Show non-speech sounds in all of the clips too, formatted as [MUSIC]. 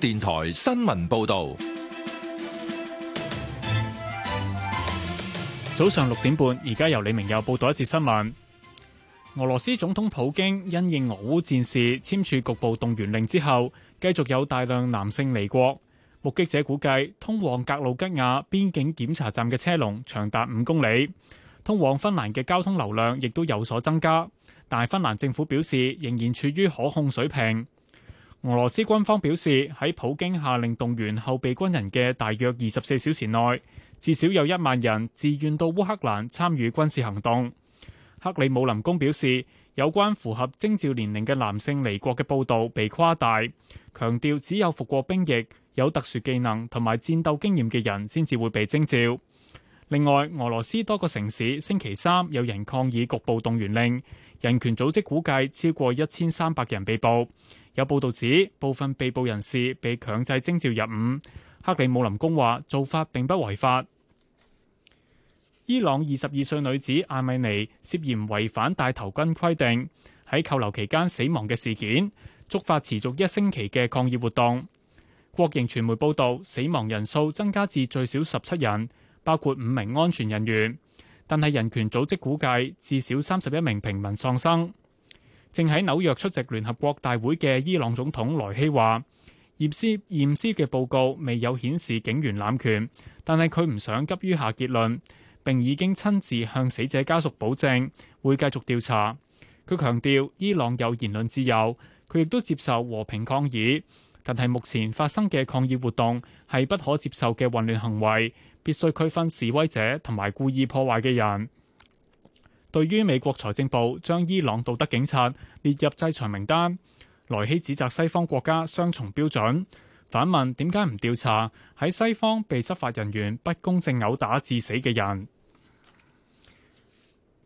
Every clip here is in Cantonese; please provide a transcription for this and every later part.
電台新聞報道：早上六點半，而家由李明又報道一節新聞。俄羅斯總統普京因應俄烏戰事簽署局部動員令之後，繼續有大量男性離國。目擊者估計，通往格魯吉亞邊境檢查站嘅車龍長達五公里；通往芬蘭嘅交通流量亦都有所增加。但芬蘭政府表示，仍然處於可控水平。俄羅斯軍方表示，喺普京下令動員後備軍人嘅大約二十四小時內，至少有一萬人自願到烏克蘭參與軍事行動。克里姆林宮表示，有關符合徵召年齡嘅男性離國嘅報導被誇大，強調只有服過兵役、有特殊技能同埋戰鬥經驗嘅人先至會被徵召。另外，俄羅斯多個城市星期三有人抗議局部動員令，人權組織估計超過一千三百人被捕。有報道指，部分被捕人士被強制徵召入伍。克里姆林宮話做法並不違法。伊朗二十二歲女子阿米尼涉嫌違反大頭巾規定，喺扣留期間死亡嘅事件，觸發持續一星期嘅抗議活動。國營傳媒報道死亡人數增加至最少十七人，包括五名安全人員。但係人權組織估計，至少三十一名平民喪生。正喺紐約出席聯合國大會嘅伊朗總統萊希話，驗屍驗屍嘅報告未有顯示警員濫權，但係佢唔想急於下結論，並已經親自向死者家屬保證會繼續調查。佢強調伊朗有言論自由，佢亦都接受和平抗議，但係目前發生嘅抗議活動係不可接受嘅混亂行為，必須區分示威者同埋故意破壞嘅人。對於美國財政部將伊朗道德警察列入制裁名單，萊希指責西方國家雙重標準，反問點解唔調查喺西方被執法人員不公正毆打致死嘅人？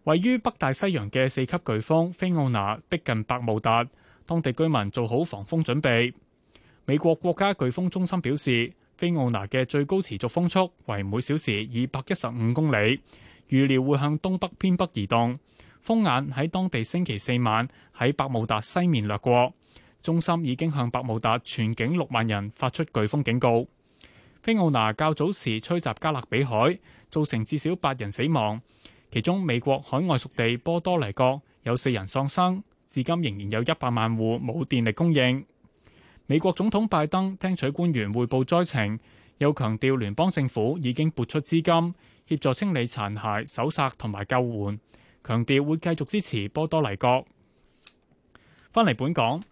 位於北大西洋嘅四級颶風菲奧娜逼近百慕達，當地居民做好防風準備。美國國家颶風中心表示，菲奧娜嘅最高持續風速為每小時二百一十五公里。預料會向東北偏北移動，風眼喺當地星期四晚喺百慕達西面掠過，中心已經向百慕達全境六萬人發出颶風警告。菲奧娜較，較早時吹襲加勒比海，造成至少八人死亡，其中美國海外屬地波多黎各有四人喪生，至今仍然有一百萬戶冇電力供應。美國總統拜登聽取官員匯報災情，又強調聯邦政府已經撥出資金。協助清理殘骸、手殺同埋救援，強調會繼續支持波多黎各。返嚟本港，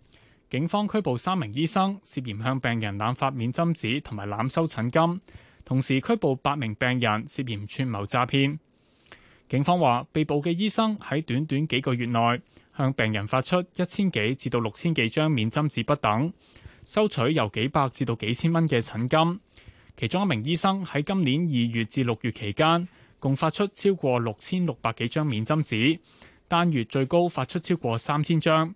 警方拘捕三名醫生，涉嫌向病人濫發免針紙同埋濫收診金，同時拘捕八名病人，涉嫌串謀詐騙。警方話，被捕嘅醫生喺短短幾個月內向病人發出一千幾至到六千幾張免針紙不等，收取由幾百至到幾千蚊嘅診金。其中一名醫生喺今年二月至六月期間，共發出超過六千六百幾張免針紙，單月最高發出超過三千張。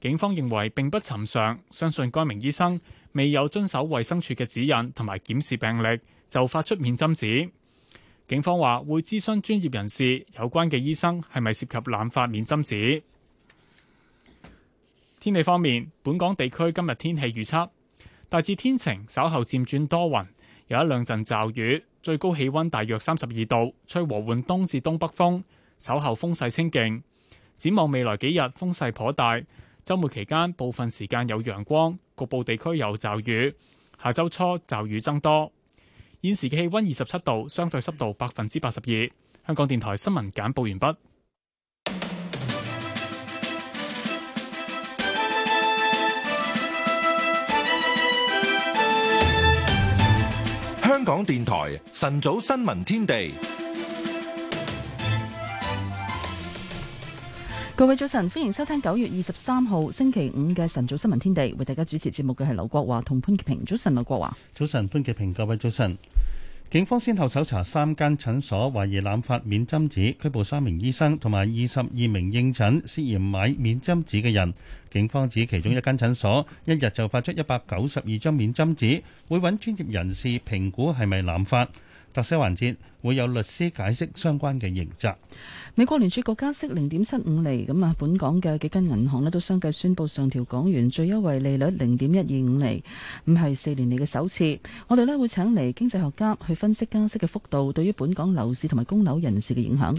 警方認為並不尋常，相信該名醫生未有遵守衛生署嘅指引同埋檢視病歷就發出免針紙。警方話會諮詢專業人士有關嘅醫生係咪涉及濫發免針紙。天氣方面，本港地區今日天氣預測大致天晴，稍後漸轉多雲。有一兩陣驟雨，最高氣温大約三十二度，吹和緩東至東北風，稍後風勢清勁。展望未來幾日風勢頗大，周末期間部分時間有陽光，局部地區有驟雨，下周初驟雨增多。現時嘅氣温二十七度，相對濕度百分之八十二。香港電台新聞簡報完畢。香港電台晨早新聞天地，各位早晨，歡迎收聽九月二十三號星期五嘅晨早新聞天地，為大家主持節目嘅係劉國華同潘潔平。早晨，劉國華。早晨，潘潔平。各位早晨。警方先後搜查三間診所，懷疑濫發免針紙，拘捕三名醫生同埋二十二名應診涉嫌買免針紙嘅人。警方指其中一間診所一日就發出一百九十二張免針紙，會搵專業人士評估係咪濫發。特色環節會有律師解釋相關嘅刑責。美國聯儲局加息零點七五厘，咁啊，本港嘅幾間銀行呢都相繼宣布上調港元最優惠利率零點一二五厘，咁係四年嚟嘅首次。我哋呢會請嚟經濟學家去分析加息嘅幅度對於本港樓市同埋供樓人士嘅影響。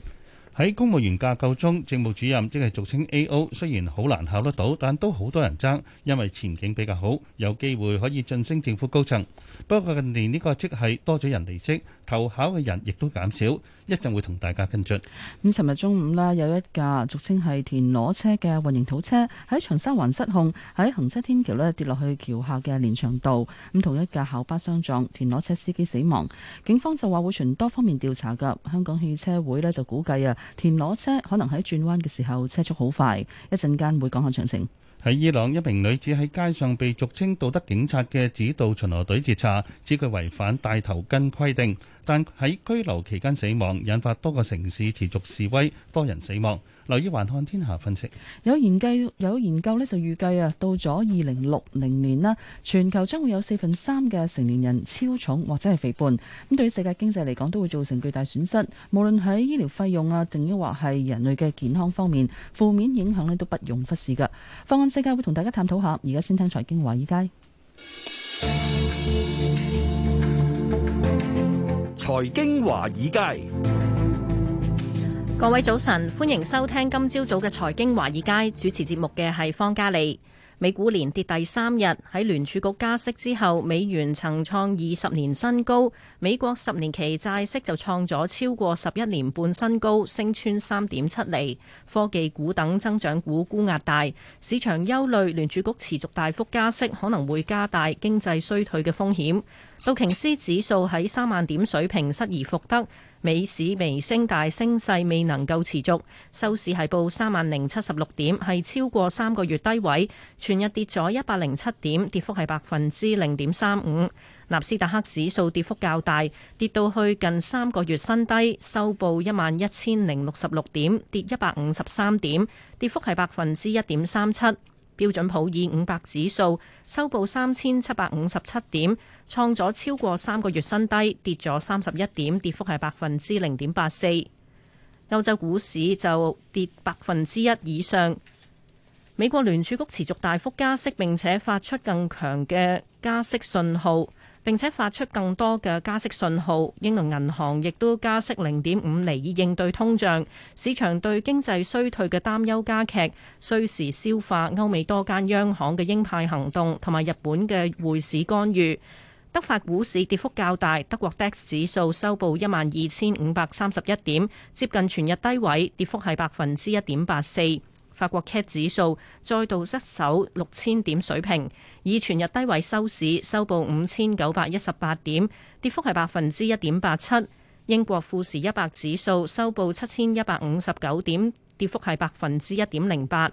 喺公務員架構中，政務主任即係俗稱 AO，雖然好難考得到，但都好多人爭，因為前景比較好，有機會可以晉升政府高層。不過近年呢個職系多咗人離職，投考嘅人亦都減少。一陣會同大家跟進。咁，尋日中午咧，有一架俗稱係田螺車嘅混凝土車喺長沙灣失控，喺行車天橋咧，跌落去橋下嘅連翔道。咁同一架校巴相撞，田螺車司機死亡。警方就話會循多方面調查噶。香港汽車會咧，就估計啊，田螺車可能喺轉彎嘅時候車速好快，一陣間會講下詳情。喺伊朗，一名女子喺街上被俗稱道德警察嘅指導巡邏隊截查，指佢違反戴頭巾規定，但喺拘留期間死亡，引發多個城市持續示威，多人死亡。留意環看天下分析，有研究有研究咧，就預計啊，到咗二零六零年啦，全球將會有四分三嘅成年人超重或者係肥胖，胖，咁對於世界經濟嚟講都會造成巨大損失。無論喺醫療費用啊，定抑或係人類嘅健康方面，負面影響咧都不容忽視噶。放眼世界，會同大家探討下。而家先聽財經華爾街，財經華爾街。各位早晨，歡迎收聽今朝早嘅財經華爾街。主持節目嘅係方嘉莉。美股連跌第三日，喺聯儲局加息之後，美元曾創二十年新高。美國十年期債息就創咗超過十一年半新高，升穿三點七厘。科技股等增長股沽壓大，市場憂慮聯，聯儲局持續大幅加息可能會加大經濟衰退嘅風險。道瓊斯指數喺三萬點水平失而復得。美市微升，但升勢未能夠持續，收市係報三萬零七十六點，係超過三個月低位。全日跌咗一百零七點，跌幅係百分之零點三五。納斯達克指數跌幅較大，跌到去近三個月新低，收報一萬一千零六十六點，跌一百五十三點，跌幅係百分之一點三七。標準普爾五百指數收報三千七百五十七點，創咗超過三個月新低，跌咗三十一點，跌幅係百分之零點八四。歐洲股市就跌百分之一以上。美國聯儲局持續大幅加息，並且發出更強嘅加息信號。並且發出更多嘅加息信號，英倫銀行亦都加息零點五厘以應對通脹。市場對經濟衰退嘅擔憂加劇，需時消化歐美多間央行嘅鷹派行動同埋日本嘅匯市干預。德法股市跌幅較大，德國 DAX 指數收報一萬二千五百三十一點，接近全日低位，跌幅係百分之一點八四。法國 CAC 指數再度失守六千點水平，以全日低位收市，收報五千九百一十八點，跌幅係百分之一點八七。英國富時一百指數收報七千一百五十九點，跌幅係百分之一點零八。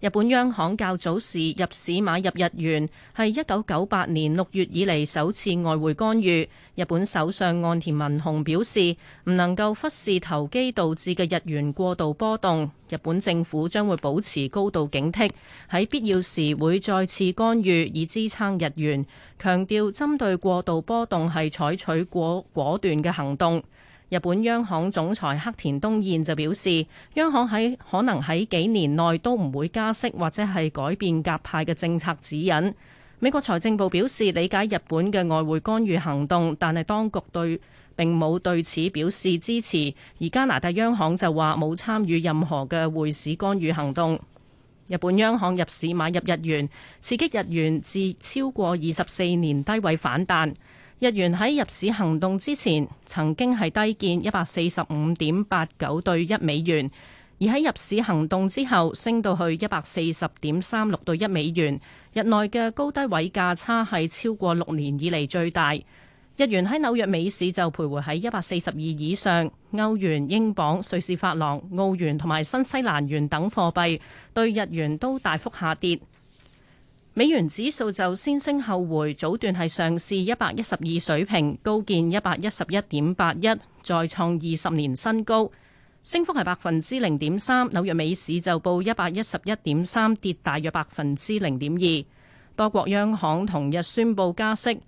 日本央行較早時入市買入日元，係一九九八年六月以嚟首次外匯干預。日本首相岸田文雄表示，唔能夠忽視投機導致嘅日元過度波動，日本政府將會保持高度警惕，喺必要時會再次干預以支撐日元，強調針對過度波動係採取過果斷嘅行動。日本央行總裁黑田東彥就表示，央行喺可能喺幾年內都唔會加息或者係改變鴿派嘅政策指引。美國財政部表示理解日本嘅外匯干預行動，但係當局對並冇對此表示支持。而加拿大央行就話冇參與任何嘅匯市干預行動。日本央行入市買入日元，刺激日元至超過二十四年低位反彈。日元喺入市行動之前，曾經係低見一百四十五點八九對一美元，而喺入市行動之後，升到去一百四十點三六對一美元。日內嘅高低位價差係超過六年以嚟最大。日元喺紐約美市就徘徊喺一百四十二以上。歐元、英鎊、瑞士法郎、澳元同埋新西蘭元等貨幣對日元都大幅下跌。美元指數就先升後回，早段係上試一百一十二水平，高見一百一十一點八一，再創二十年新高，升幅係百分之零點三。紐約美市就報一百一十一點三，跌大約百分之零點二。多國央行同日宣布加息，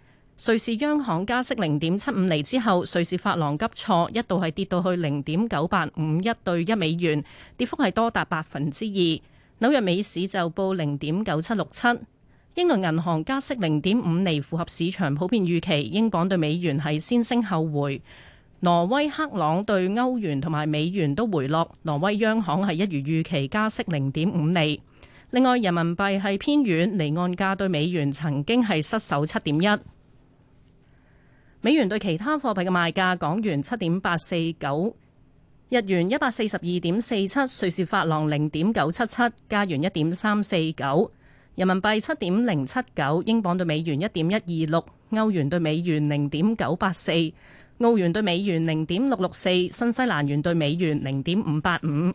瑞士央行加息零點七五厘之後，瑞士法郎急挫，一度係跌到去零點九八五一對一美元，跌幅係多達百分之二。紐約美市就報零點九七六七。英倫銀行加息零點五厘，符合市場普遍預期。英鎊對美元係先升後回。挪威克朗對歐元同埋美元都回落。挪威央行係一如預期加息零點五厘。另外，人民幣係偏軟，離岸價對美元曾經係失守七點一。美元對其他貨幣嘅賣價：港元七點八四九，日元一百四十二點四七，瑞士法郎零點九七七，加元一點三四九。人民幣七點零七九，英鎊對美元一點一二六，歐元對美元零點九八四，澳元對美元零點六六四，新西蘭元對美元零點五八五。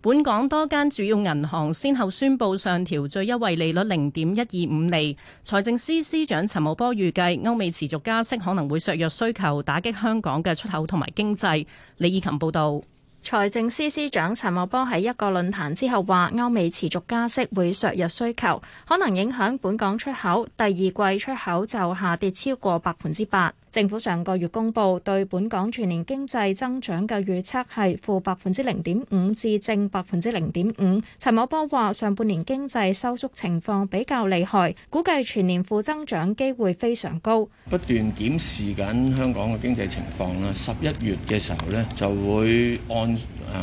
本港多間主要銀行先後宣布上調最優惠利率零點一二五厘。財政司司長陳茂波預計歐美持續加息可能會削弱需求，打擊香港嘅出口同埋經濟。李以琴報導。財政司司長陳茂波喺一個論壇之後話：歐美持續加息會削弱需求，可能影響本港出口。第二季出口就下跌超過百分之八。政府上個月公布對本港全年經濟增長嘅預測係負百分之零點五至正百分之零點五。陳茂波話：上半年經濟收縮情況比較厲害，估計全年負增長機會非常高。不斷檢視緊香港嘅經濟情況啦。十一月嘅時候咧，就會按誒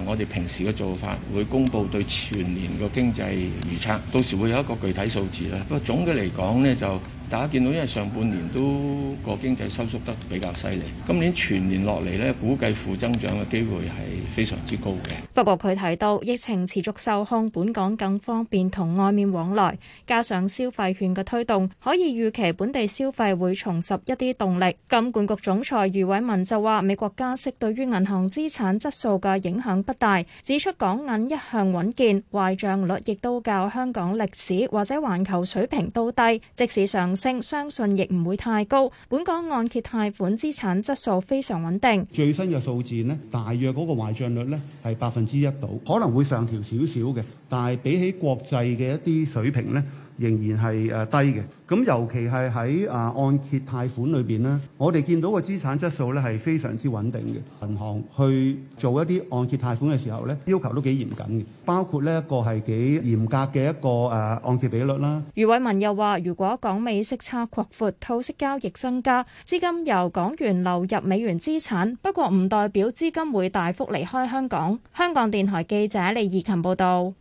我哋平時嘅做法，會公布對全年嘅經濟預測。到時會有一個具體數字啦。不過總嘅嚟講呢就。大家見到因為上半年都個經濟收縮得比較犀利，今年全年落嚟呢，估計負增長嘅機會係非常之高嘅。不過佢提到疫情持續受控，本港更方便同外面往來，加上消費券嘅推動，可以預期本地消費會重拾一啲動力。金管局總裁余偉文就話：美國加息對於銀行資產質素嘅影響不大，指出港銀一向穩健，壞賬率亦都較香港歷史或者環球水平都低，即使上。相信亦唔會太高。本港按揭貸款資產質素非常穩定。最新嘅數字咧，大約嗰個壞賬率咧，係百分之一度可能會上調少少嘅，但係比起國際嘅一啲水平咧。仍然係誒低嘅，咁尤其係喺啊按揭貸款裏邊呢，我哋見到個資產質素咧係非常之穩定嘅。銀行去做一啲按揭貸款嘅時候咧，要求都幾嚴謹嘅，包括呢一個係幾嚴格嘅一個誒按揭比率啦。余偉文又話，如果港美息差擴闊，套息交易增加，資金由港元流入美元資產，不過唔代表資金會大幅離開香港。香港電台記者李怡琴報道，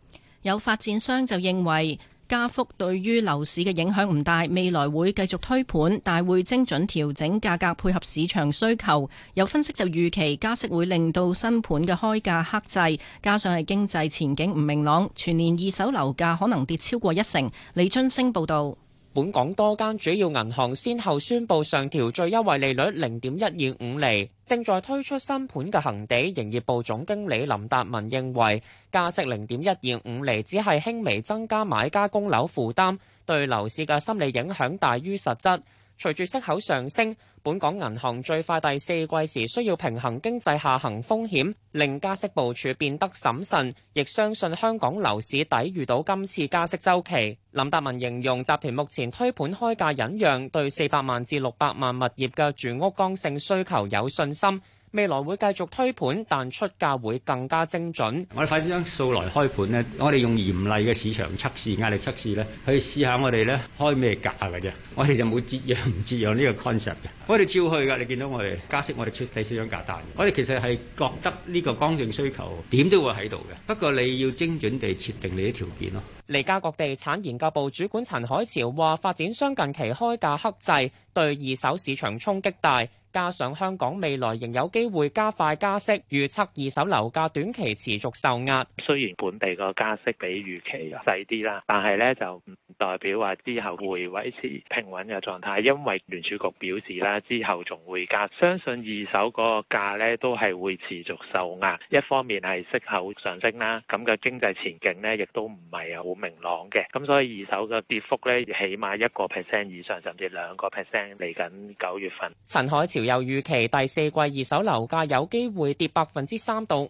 有發展商就認為。加幅對於樓市嘅影響唔大，未來會繼續推盤，但會精準調整價格，配合市場需求。有分析就預期加息會令到新盤嘅開價克制，加上係經濟前景唔明朗，全年二手樓價可能跌超過一成。李津星報導。本港多間主要銀行先後宣布上調最優惠利率零點一二五厘。正在推出新盤嘅恒地營業部總經理林達文認為，加息零點一二五厘只係輕微增加買家供樓負擔，對樓市嘅心理影響大於實質。隨住息口上升，本港銀行最快第四季時需要平衡經濟下行風險，令加息部署變得審慎。亦相信香港樓市抵禦到今次加息周期。林達文形容集團目前推盤開價隱讓，對四百萬至六百萬物業嘅住屋剛性需求有信心。未來會繼續推盤，但出價會更加精準。我哋快啲將數來開盤呢，我哋用嚴厲嘅市場測試、壓力測試咧，去試下我哋咧開咩價㗎啫。我哋就冇節約唔節約呢個 concept 嘅，我哋照去噶。你見到我哋加息，我哋出第四張價單。我哋其實係覺得呢個剛性需求點都會喺度嘅，不過你要精準地設定你啲條件咯。利嘉閣地產研究部主管陳海潮話：發展商近期開價克制，對二手市場衝擊大。加上香港未來仍有機會加快加息，預測二手樓價短期持續受壓，雖然本地個加息比預期細啲啦，但係咧就唔代表話之後會維持平穩嘅狀態，因為聯儲局表示啦，之後仲會加。相信二手個價咧都係會持續受壓，一方面係息口上升啦，咁嘅經濟前景咧亦都唔係好明朗嘅。咁所以二手嘅跌幅咧，起碼一個 percent 以上，甚至兩個 percent 嚟緊九月份。陳海潮。又預期第四季二手樓價有機會跌百分之三到五，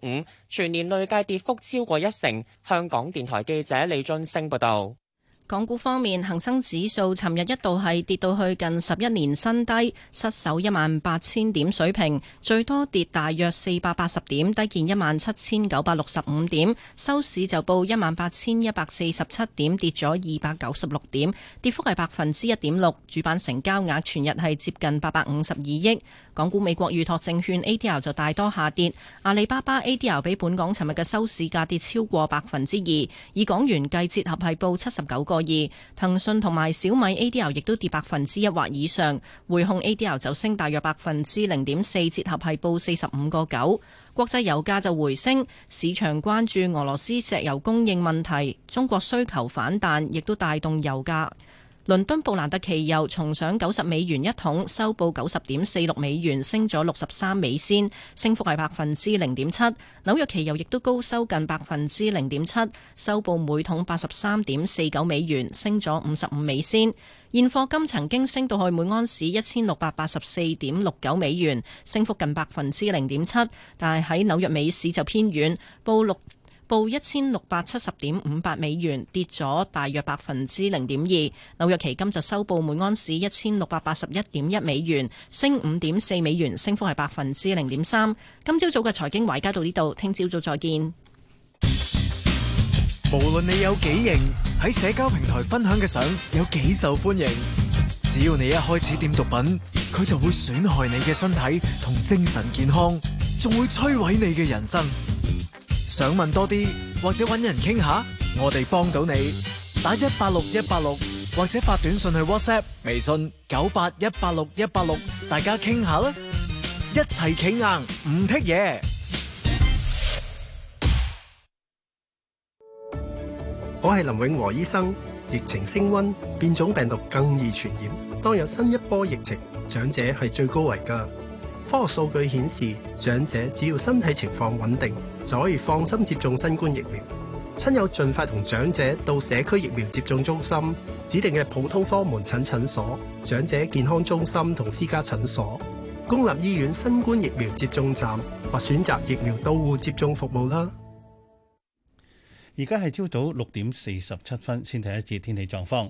全年累計跌幅超過一成。香港電台記者李俊升報道。港股方面，恒生指數尋日一度係跌到去近十一年新低，失守一萬八千點水平，最多跌大約四百八十點，低見一萬七千九百六十五點，收市就報一萬八千一百四十七點，跌咗二百九十六點，跌幅係百分之一點六。主板成交額全日係接近八百五十二億。港股美國預託證券 ADR 就大多下跌，阿里巴巴 ADR 比本港尋日嘅收市價跌超過百分之二，以港元計，折合係報七十九個。而騰訊同埋小米 ADR 亦都跌百分之一或以上，匯控 ADR 就升大約百分之零點四，折合係報四十五個九。國際油價就回升，市場關注俄羅斯石油供應問題，中國需求反彈亦都帶動油價。倫敦布蘭特期油重上九十美元一桶，收報九十點四六美元，升咗六十三美仙，升幅係百分之零點七。紐約期油亦都高收近百分之零點七，收報每桶八十三點四九美元，升咗五十五美仙。現貨金曾經升到去每安士一千六百八十四點六九美元，升幅近百分之零點七，但係喺紐約美市就偏軟，報六。1 報一千六百七十點五八美元，跌咗大約百分之零點二。紐約期金就收報每安士一千六百八十一點一美元，升五點四美元，升幅係百分之零點三。今朝早嘅財經匯價到呢度，聽朝早，早再見。無論你有幾型，喺社交平台分享嘅相有幾受歡迎，只要你一開始點毒品，佢就會損害你嘅身體同精神健康，仲會摧毀你嘅人生。想問多啲，或者搵人傾下，我哋幫到你。打一八六一八六，或者發短信去 WhatsApp、微信九八一八六一八六，大家傾下啦，一齊企硬，唔剔嘢。我係林永和醫生。疫情升温，變種病毒更易傳染。當有新一波疫情，長者係最高危㗎。科學數據顯示，長者只要身體情況穩定。就可以放心接種新冠疫苗。親友盡快同長者到社區疫苗接種中心、指定嘅普通科門診診所、長者健康中心同私家診所、公立醫院新冠疫苗接種站或選擇疫苗到戶接種服務啦。而家係朝早六點四十七分，先睇一次天氣狀況。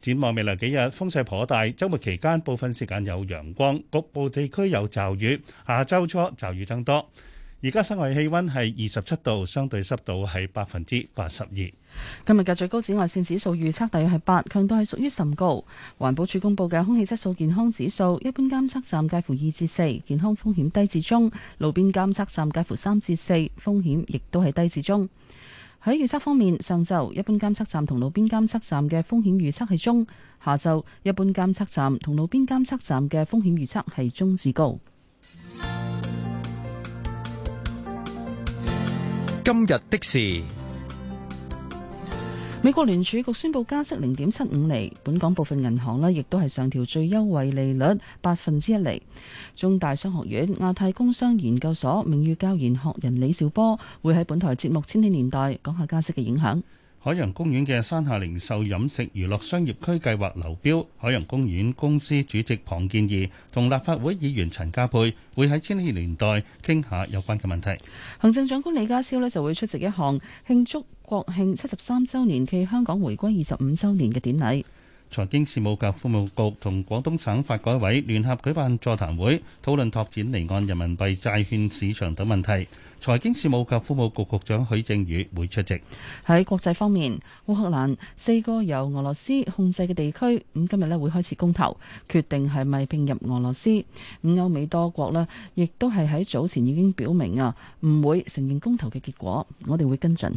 展望未來幾日風勢頗大，週末期間部分時間有陽光，局部地區有驟雨，下週初驟雨增多。而家室外氣温係二十七度，相對濕度係百分之八十二。今日嘅最高紫外線指數預測大約係八，強度係屬於甚高。環保署公布嘅空氣質素健康指數，一般監測站介乎二至四，健康風險低至中；路邊監測站介乎三至四，風險亦都係低至中。喺預測方面，上晝一般監測站同路邊監測站嘅風險預測係中；下晝一般監測站同路邊監測站嘅風險預測係中至高。今日的事。美國聯儲局宣佈加息零點七五厘，本港部分銀行咧亦都係上調最優惠利率百分之一厘。中大商學院亞太工商研究所名譽教研學人李兆波會喺本台節目《千禧年代》講下加息嘅影響。海洋公園嘅山下零售、飲食、娛樂商業區計劃流標，海洋公園公司主席龐建儀同立法會議員陳家珮會喺《千禧年代》傾下有關嘅問題。行政長官李家超咧就會出席一項慶祝。國慶七十三周年暨香港回歸二十五周年嘅典禮，財經事務及服務局同廣東省發改委聯合舉辦座談會，討論拓展離岸人民幣債券市場等問題。財經事務及服務局局長許正宇會出席。喺國際方面，烏克蘭四個由俄羅斯控制嘅地區咁今日呢會開始公投，決定係咪併入俄羅斯。咁歐美多國呢亦都係喺早前已經表明啊，唔會承認公投嘅結果。我哋會跟進。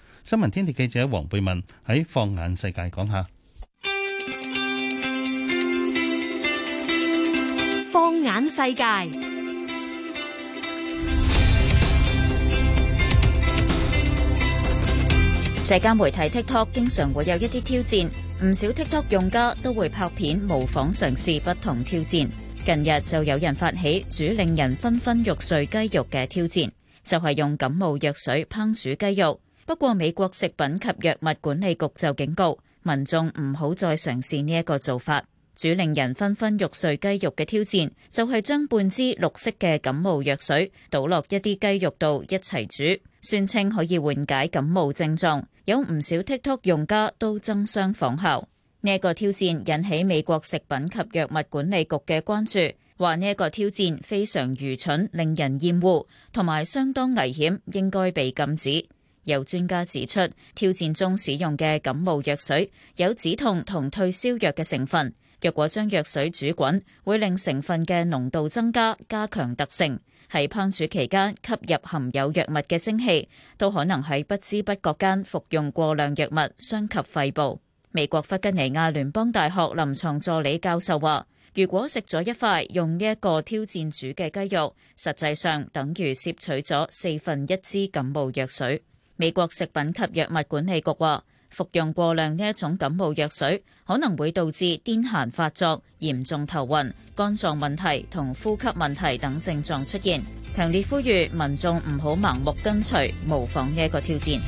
新聞天地記者黃貝文喺《放眼世界》講下《放眼世界》。社交媒體 TikTok 經常會有一啲挑戰，唔少 TikTok 用家都會拍片模仿嘗試不同挑戰。近日就有人發起煮令人昏昏欲睡雞肉嘅挑戰，就係用感冒藥水烹煮雞肉。不過，美國食品及藥物管理局就警告民眾唔好再嘗試呢一個做法。主令人紛紛欲碎雞肉嘅挑戰就係將半支綠色嘅感冒藥水倒落一啲雞肉度一齊煮，宣稱可以緩解感冒症狀。有唔少 TikTok 用家都爭相仿效呢個挑戰，引起美國食品及藥物管理局嘅關注，話呢個挑戰非常愚蠢，令人厭惡，同埋相當危險，應該被禁止。有專家指出，挑戰中使用嘅感冒藥水有止痛同退燒藥嘅成分。若果將藥水煮滾，會令成分嘅濃度增加，加強特性。喺烹煮期間吸入含有藥物嘅蒸氣，都可能喺不知不覺間服用過量藥物，傷及肺部。美國弗吉尼亞聯邦大學臨床助理教授話，如果食咗一塊用呢一個挑戰煮嘅雞肉，實際上等於攝取咗四分一支感冒藥水。美國食品及藥物管理局話，服用過量呢一種感冒藥水可能會導致癲癇發作、嚴重頭暈、肝臟問題同呼吸問題等症狀出現，強烈呼籲民眾唔好盲目跟隨、模仿呢個挑戰。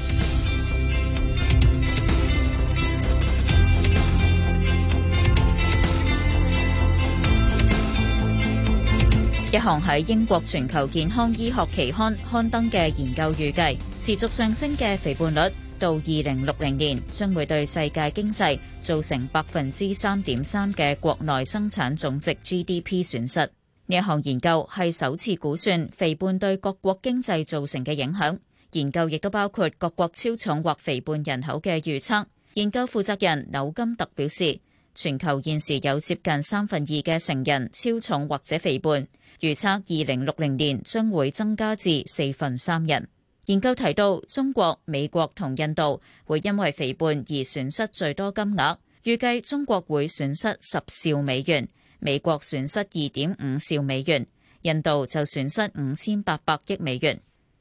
一項喺英國全球健康醫學期刊刊登嘅研究預計，持續上升嘅肥胖率到二零六零年，將會對世界經濟造成百分之三點三嘅國內生產總值 GDP 損失。呢一項研究係首次估算肥胖對各國經濟造成嘅影響。研究亦都包括各國超重或肥胖人口嘅預測。研究負責人柳金特表示，全球現時有接近三分二嘅成人超重或者肥胖。預測二零六零年將會增加至四分三人。研究提到，中國、美國同印度會因為肥胖而損失最多金額。預計中國會損失十兆美元，美國損失二點五兆美元，印度就損失五千八百億美元。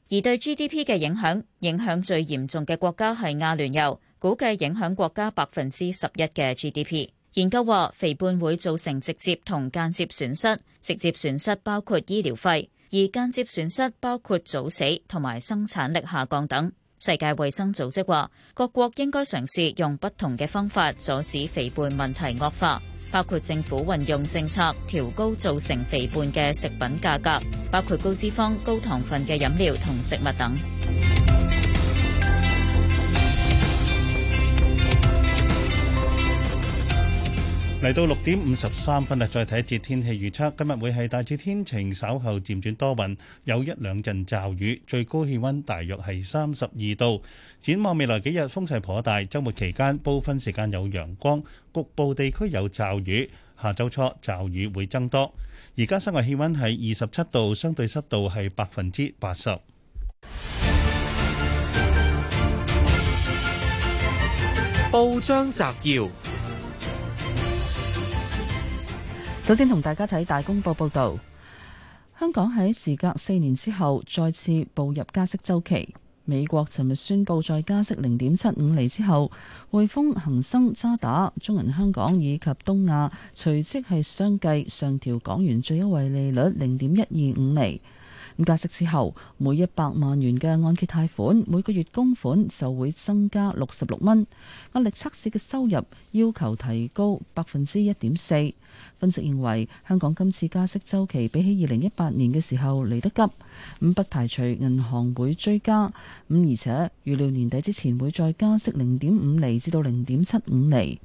而對 GDP 嘅影響，影響最嚴重嘅國家係阿聯酋，估計影響國家百分之十一嘅 GDP。研究話，肥胖會造成直接同間接損失。直接損失包括醫療費，而間接損失包括早死同埋生產力下降等。世界衛生組織話，各國應該嘗試用不同嘅方法阻止肥胖問題惡化，包括政府運用政策調高造成肥胖嘅食品價格，包括高脂肪、高糖分嘅飲料同食物等。嚟到六點五十三分啦，再睇一節天氣預測。今日會係大致天晴，稍後漸轉多雲，有一兩陣驟雨，最高氣溫大約係三十二度。展望未來幾日風勢頗大，周末期間部分時間有陽光，局部地區有驟雨，下周初驟雨會增多。而家室外氣溫係二十七度，相對濕度係百分之八十。報章摘要。首先同大家睇大公報報道，香港喺時隔四年之後再次步入加息周期。美國尋日宣布再加息零點七五厘之後，匯豐、恒生、渣打、中銀香港以及東亞隨即係相繼上調港元最優惠利率零點一二五厘。咁加息之後，每一百萬元嘅按揭貸款每個月供款就會增加六十六蚊。壓力測試嘅收入要求提高百分之一點四。分析認為，香港今次加息周期比起二零一八年嘅時候嚟得急，咁不排除銀行會追加，咁而且預料年底之前會再加息零點五厘至到零點七五厘。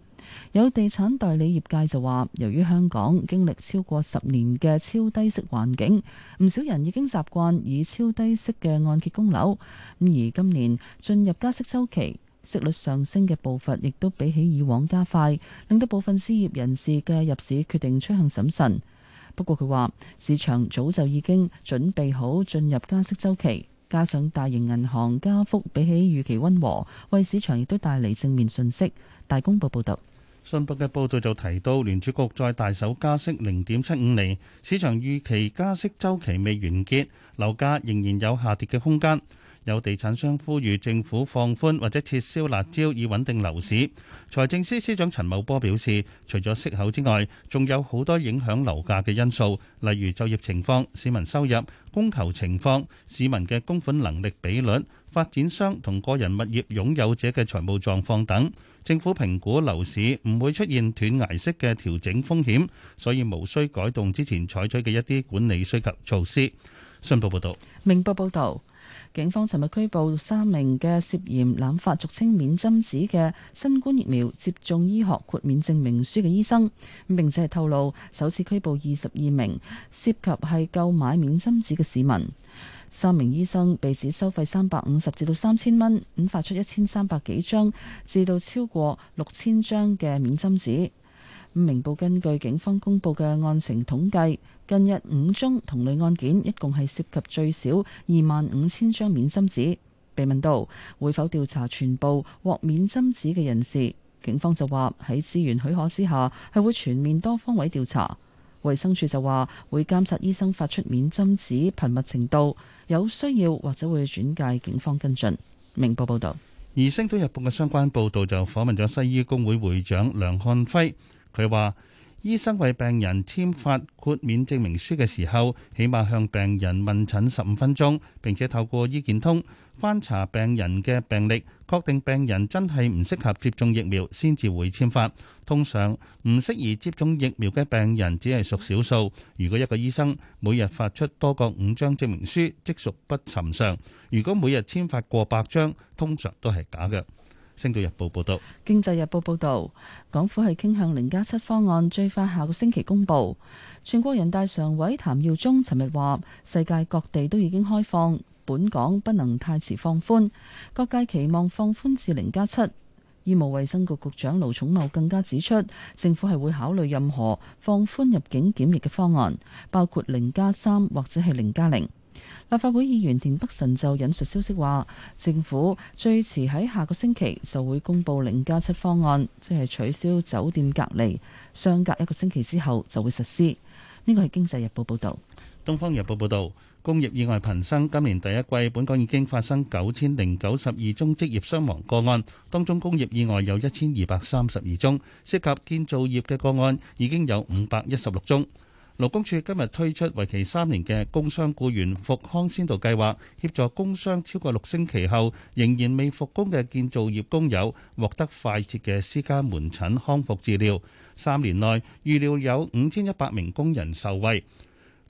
有地產代理業界就話，由於香港經歷超過十年嘅超低息環境，唔少人已經習慣以超低息嘅按揭供樓，咁而今年進入加息周期。息率上升嘅步伐亦都比起以往加快，令到部分失業人士嘅入市決定趨向審慎。不過，佢話市場早就已經準備好進入加息周期，加上大型銀行加幅比起預期温和，為市場亦都帶嚟正面信息。大公報報道，信報嘅報道就提到，聯儲局再大手加息零點七五厘，市場預期加息周期未完結，樓價仍然有下跌嘅空間。有地產商呼籲政府放寬或者撤銷辣招以穩定樓市。財政司司長陳茂波表示，除咗息口之外，仲有好多影響樓價嘅因素，例如就業情況、市民收入、供求情況、市民嘅供款能力比率、發展商同個人物業擁有者嘅財務狀況等。政府評估樓市唔會出現斷崖式嘅調整風險，所以無需改動之前採取嘅一啲管理需求措施。信報報道，明報報道。警方尋日拘捕三名嘅涉嫌濫發俗稱免針紙嘅新冠疫苗接種醫學豁免證明書嘅醫生，並且係透露首次拘捕二十二名涉及係購買免針紙嘅市民。三名醫生被指收費三百五十至到三千蚊，咁發出一千三百幾張至到超過六千張嘅免針紙。明報根據警方公布嘅案情統計。近日五宗同類案件，一共係涉及最少二萬五千張免針紙。被問到會否調查全部獲免針紙嘅人士，警方就話喺資源許可之下，係會全面多方位調查。衛生署就話會監察醫生發出免針紙頻密程度，有需要或者會轉介警方跟進。明報報道，而《星島日報》嘅相關報道就訪問咗西醫工會會會長梁漢輝，佢話。醫生為病人簽發豁免證明書嘅時候，起碼向病人問診十五分鐘，並且透過醫健通翻查病人嘅病歷，確定病人真係唔適合接種疫苗先至會簽發。通常唔適宜接種疫苗嘅病人只係屬少數。如果一個醫生每日發出多過五張證明書，即屬不尋常。如果每日簽發過百張，通常都係假嘅。星島日報報道，經濟日報報道，港府係傾向零加七方案，最快下個星期公布。全國人大常委譚耀宗尋日話，世界各地都已經開放，本港不能太遲放寬。各界期望放寬至零加七。醫務衛生局局長盧寵茂更加指出，政府係會考慮任何放寬入境檢疫嘅方案，包括零加三或者係零加零。立法會議員田北辰就引述消息話，政府最遲喺下個星期就會公布零加七方案，即係取消酒店隔離，相隔一個星期之後就會實施。呢個係《經濟日報》報導。《東方日報》報導，工業意外頻生，今年第一季本港已經發生九千零九十二宗職業傷亡個案，當中工業意外有一千二百三十二宗，涉及建造業嘅個案已經有五百一十六宗。勞工處今日推出為期三年嘅工傷雇員復康先導計劃，協助工傷超過六星期後仍然未復工嘅建造業工友獲得快捷嘅私家門診康復治療。三年內，預料有五千一百名工人受惠。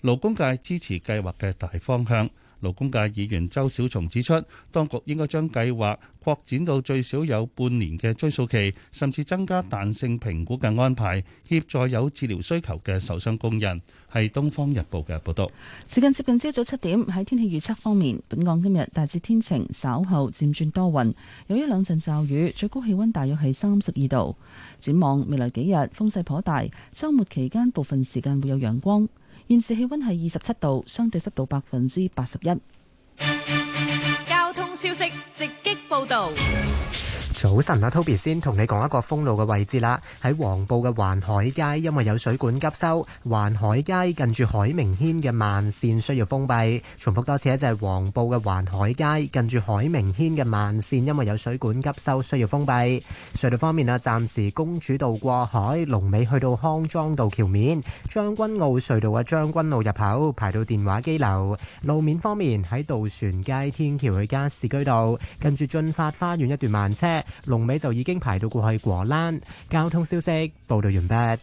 勞工界支持計劃嘅大方向。勞工界議員周小松指出，當局應該將計劃擴展到最少有半年嘅追溯期，甚至增加彈性評估嘅安排，協助有治療需求嘅受傷工人。係《東方日報》嘅報道。時間接近朝早七點，喺天氣預測方面，本港今日大致天晴，稍後漸轉多雲，有一兩陣驟雨，最高氣溫大約係三十二度。展望未來幾日，風勢頗大，周末期間部分時間會有陽光。現時氣溫係二十七度，相對濕度百分之八十一。交通消息直擊報道。早晨啊，Toby 先同你講一個封路嘅位置啦。喺黃埔嘅環海街，因為有水管急修，環海街近住海明軒嘅慢線需要封閉。重複多次，一就係黃埔嘅環海街近住海明軒嘅慢線，因為有水管急修需要封閉。隧道方面啊，暫時公主道過海，龍尾去到康莊道橋面；將軍澳隧道嘅將軍路入口排到電話機樓。路面方面喺渡船街天橋去加士居道，近住駿發花園一段慢車。龍尾就已經排到過去果欄。交通消息報道完畢。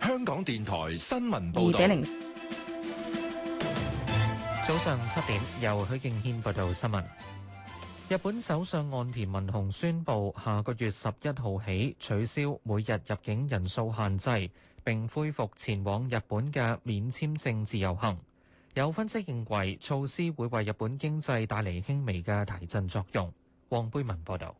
香港電台新聞報道。早上七點，由許敬軒報道新聞。日本首相岸田文雄宣布，下個月十一號起取消每日入境人數限制，並恢復前往日本嘅免簽證自由行。有分析認為措施會為日本經濟帶嚟輕微嘅提振作用。黃貝文報道。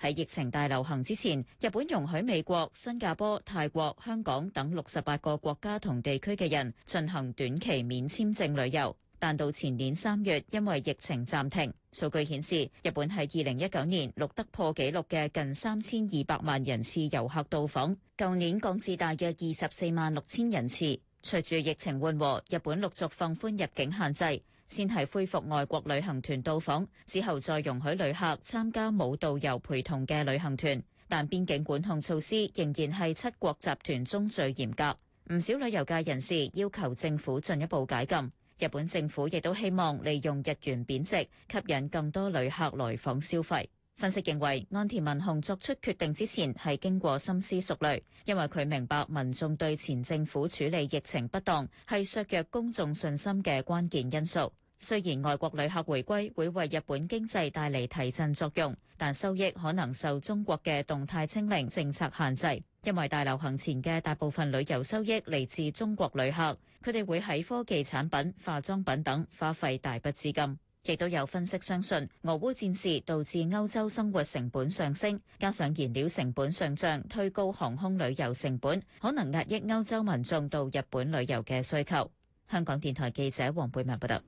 喺疫情大流行之前，日本容許美國、新加坡、泰國、香港等六十八個國家同地區嘅人進行短期免簽證旅遊，但到前年三月，因為疫情暫停。數據顯示，日本喺二零一九年錄得破紀錄嘅近三千二百萬人次遊客到訪，舊年降至大約二十四萬六千人次。隨住疫情緩和，日本陸續放寬入境限制。先係恢復外國旅行團到訪，之後再容許旅客參加冇導遊陪同嘅旅行團。但邊境管控措施仍然係七國集團中最嚴格。唔少旅遊界人士要求政府進一步解禁。日本政府亦都希望利用日元貶值，吸引更多旅客來訪消費。分析認為，岸田文雄作出決定之前係經過深思熟慮，因為佢明白民眾對前政府處理疫情不當，係削弱公眾信心嘅關鍵因素。雖然外國旅客回歸會為日本經濟帶嚟提振作用，但收益可能受中國嘅動態清零政策限制，因為大流行前嘅大部分旅遊收益嚟自中國旅客，佢哋會喺科技產品、化妝品等花費大筆資金。亦都有分析相信，俄烏戰事導致歐洲生活成本上升，加上燃料成本上漲，推高航空旅遊成本，可能壓抑歐洲民眾到日本旅遊嘅需求。香港電台記者黃貝文報道。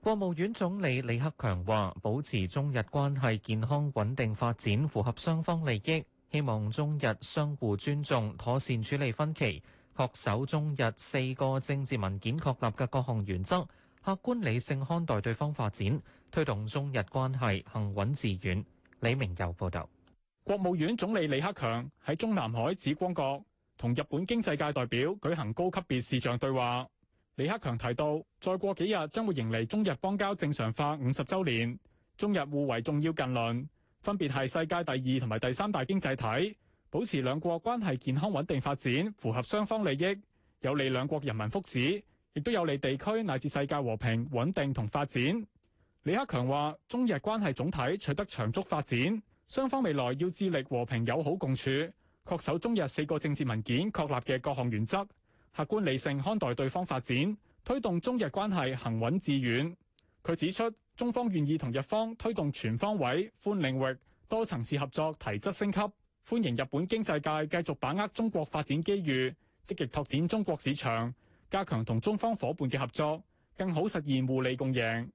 國務院總理李克強話：保持中日關係健康穩定發展，符合雙方利益。希望中日相互尊重，妥善處理分歧，確守中日四個政治文件確立嘅各項原則。客觀理性看待對方發展，推動中日關係行穩致遠。李明又報導，國務院總理李克強喺中南海紫光閣同日本經濟界代表舉行高級別視像對話。李克強提到，再過幾日將會迎嚟中日邦交正常化五十週年。中日互為重要近鄰，分別係世界第二同埋第三大經濟體，保持兩國關係健康穩定發展，符合雙方利益，有利兩國人民福祉。亦都有利地區乃至世界和平穩定同發展。李克強話，中日關係總體取得長足發展，雙方未來要致力和平友好共處，確守中日四個政治文件確立嘅各項原則，客觀理性看待對方發展，推動中日關係行穩致遠。佢指出，中方願意同日方推動全方位、寬領域、多層次合作提質升級，歡迎日本經濟界繼續把握中國發展機遇，積極拓展中國市場。加強同中方伙伴嘅合作，更好實現互利共贏。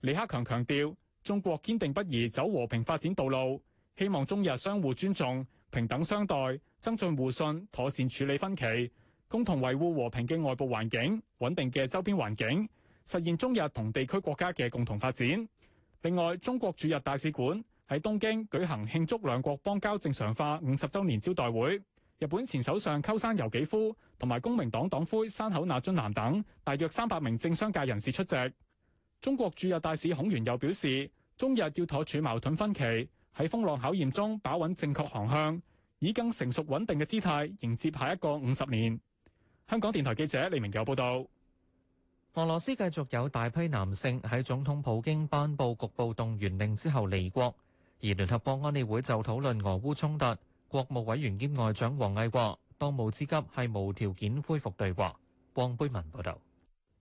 李克強強調，中國堅定不移走和平發展道路，希望中日相互尊重、平等相待，增進互信，妥善處理分歧，共同維護和平嘅外部環境、穩定嘅周邊環境，實現中日同地區國家嘅共同發展。另外，中國駐日大使館喺東京舉行慶祝兩國邦交正常化五十週年招待會。日本前首相鳩山由紀夫同埋公明黨黨魁山口那津男等大約三百名政商界人士出席。中國駐日大使孔鉉佑表示，中日要妥處矛盾分歧，喺風浪考驗中把穩正確航向，以更成熟穩定嘅姿態迎接下一個五十年。香港電台記者李明游報道。俄羅斯繼續有大批男性喺總統普京頒布局部動員令之後離國，而聯合國安理會就討論俄烏衝突。國務委員兼外長王毅話：當務之急係無條件恢復對話。黃貝文報道。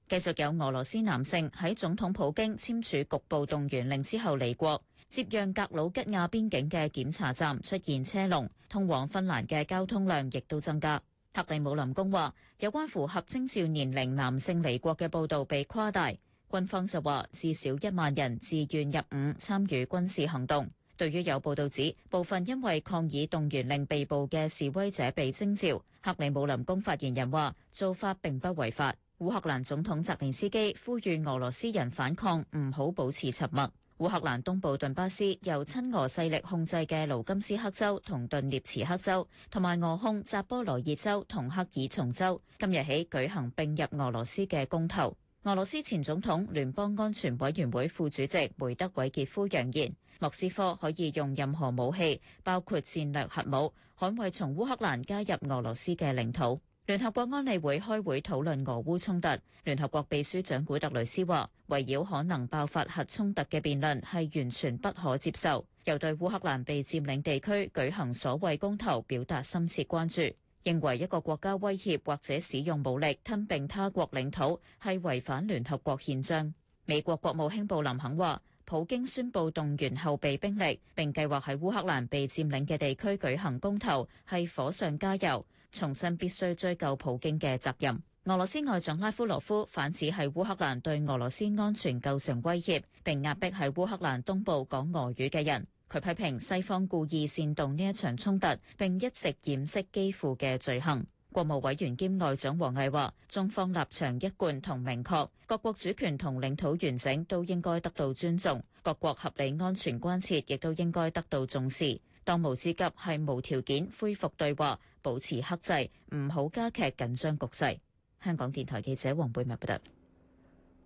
繼續有俄羅斯男性喺總統普京簽署局部動員令之後離國，接壤格魯吉亞邊境嘅檢查站出現車龍，通往芬蘭嘅交通量亦都增加。克里姆林宮話，有關符合徵召年齡男性離國嘅報道被誇大。軍方就話至少一萬人自願入伍參與軍事行動。對於有報道指部分因為抗議動員令被捕嘅示威者被徵召，克里姆林宮發言人話做法並不違法。烏克蘭總統澤連斯基呼籲俄羅斯人反抗，唔好保持沉默。烏克蘭東部頓巴斯由親俄勢力控制嘅盧甘斯克州同頓涅茨克州，同埋俄控扎波羅熱州同克爾松州，今日起舉行並入俄羅斯嘅公投。俄羅斯前總統聯邦安全委員會副主席梅德韋傑夫揚言，莫斯科可以用任何武器，包括戰略核武，捍衛從烏克蘭加入俄羅斯嘅領土。聯合國安理會開會討論俄烏烏衝突。聯合國秘書長古特雷斯話，圍繞可能爆發核衝突嘅辯論係完全不可接受，又對烏克蘭被佔領地區舉行所謂公投表達深切關注，認為一個國家威脅或者使用武力吞併他國領土係違反聯合國憲章。美國國務卿布林肯話。普京宣布動員後備兵力，並計劃喺烏克蘭被佔領嘅地區舉行公投，係火上加油。重申必須追究普京嘅責任。俄羅斯外長拉夫羅夫反指係烏克蘭對俄羅斯安全構成威脅，並壓迫喺烏克蘭東部講俄語嘅人。佢批評西方故意煽動呢一場衝突，並一直掩飾基輔嘅罪行。國務委員兼外長王毅話，中方立場一貫同明確，各國主權同領土完整都應該得到尊重，各國合理安全關切亦都應該得到重視。當務之急係無條件恢復對話，保持克制，唔好加劇緊張局勢。香港電台記者黃貝蜜報道。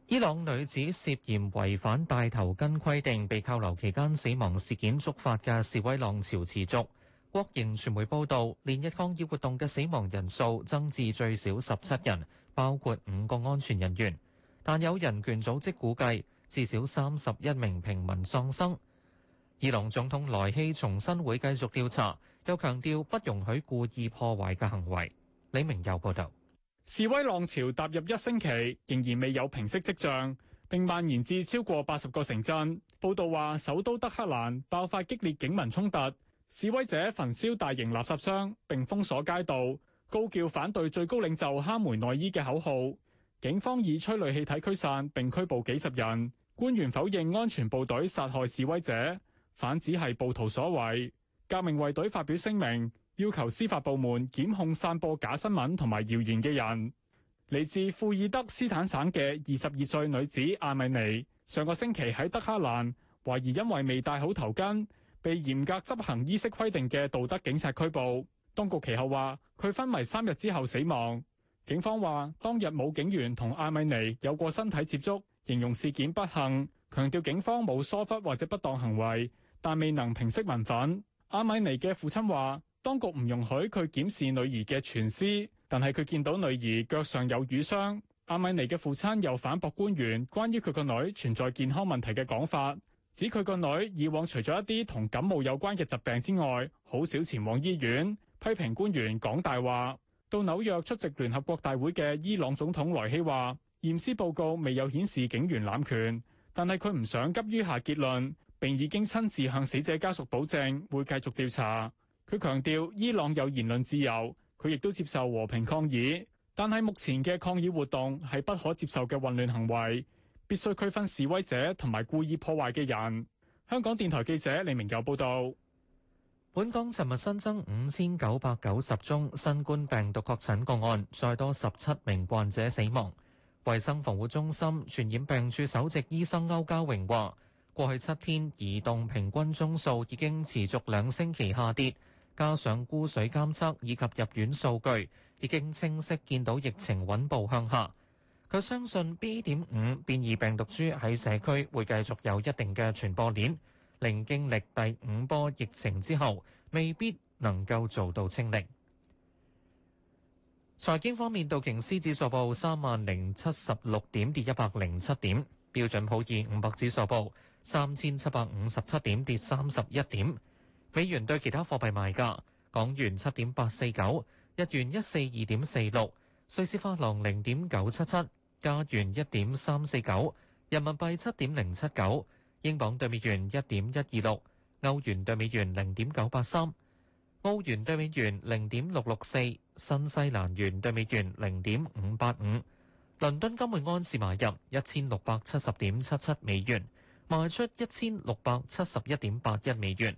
伊朗女子涉嫌違反大頭巾規定被扣留期間死亡事件觸發嘅示威浪潮持續。國營傳媒報導，連日抗議活動嘅死亡人數增至最少十七人，包括五個安全人員。但有人權組織估計至少三十一名平民喪生。伊朗總統萊希重新會繼續調查，又強調不容許故意破壞嘅行為。李明又報導，示威浪潮踏入一星期，仍然未有平息跡象，並蔓延至超過八十個城鎮。報導話，首都德黑蘭爆發激烈警民衝突。示威者焚燒大型垃圾箱，並封鎖街道，高叫反對最高領袖哈梅內伊嘅口號。警方以催淚氣體驅散，並拘捕幾十人。官員否認安全部隊殺害示威者，反指係暴徒所為。革命衛隊發表聲明，要求司法部門檢控散播假新聞同埋謠言嘅人。嚟自庫爾德斯坦省嘅二十二歲女子阿米尼，上個星期喺德黑蘭，懷疑因為未戴好頭巾，被嚴格執行衣飾規定嘅道德警察拘捕。當局其後話，佢昏迷三日之後死亡。警方話當日冇警員同阿米尼有過身體接觸，形容事件不幸，強調警方冇疏忽或者不當行為，但未能平息民憤。阿米尼嘅父親話，當局唔容許佢檢視女兒嘅全屍，但係佢見到女兒腳上有瘀傷。阿米尼嘅父親又反駁官員關於佢個女存在健康問題嘅講法。指佢個女以往除咗一啲同感冒有關嘅疾病之外，好少前往醫院。批評官員講大話。到紐約出席聯合國大會嘅伊朗總統萊希話，驗屍報告未有顯示警員濫權，但係佢唔想急於下結論，並已經親自向死者家屬保證會繼續調查。佢強調伊朗有言論自由，佢亦都接受和平抗議，但係目前嘅抗議活動係不可接受嘅混亂行為。必須區分示威者同埋故意破壞嘅人。香港電台記者李明友報道。本港昨日新增五千九百九十宗新冠病毒確診個案，再多十七名患者死亡。衞生防護中心傳染病處首席醫生歐家榮話，過去七天移動平均宗數已經持續兩星期下跌，加上污水監測以及入院數據，已經清晰見到疫情穩步向下。佢相信 B. 點五變異病毒株喺社區會繼續有一定嘅傳播鏈，令經歷第五波疫情之後未必能夠做到清零。財經方面，道瓊斯指數報三萬零七十六點，跌一百零七點，標準普爾五百指數報三千七百五十七點，跌三十一點。美元對其他貨幣賣價，港元七點八四九，日元一四二點四六，瑞士法郎零點九七七。加元1.349，人民幣7.079，英鎊對美元1.126，歐元對美元0.983，澳元對美元0.664，新西蘭元對美元0.585。倫敦金匯安士買入1,670.77美元，賣出1,671.81美元。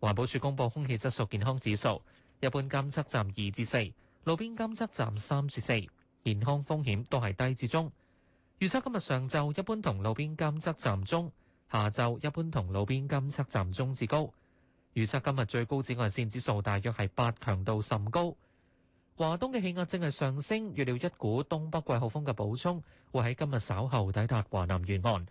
環保署公佈空氣質素健康指數，一般監測站二至四，4, 路邊監測站三至四。4, 健康風險都係低至中，預測今日上晝一般同路邊監測站中，下晝一般同路邊監測站中至高。預測今日最高紫外綫指數大約係八，強度甚高。華東嘅氣壓正係上升，預料一股東北季候風嘅補充會喺今日稍後抵達華南沿岸。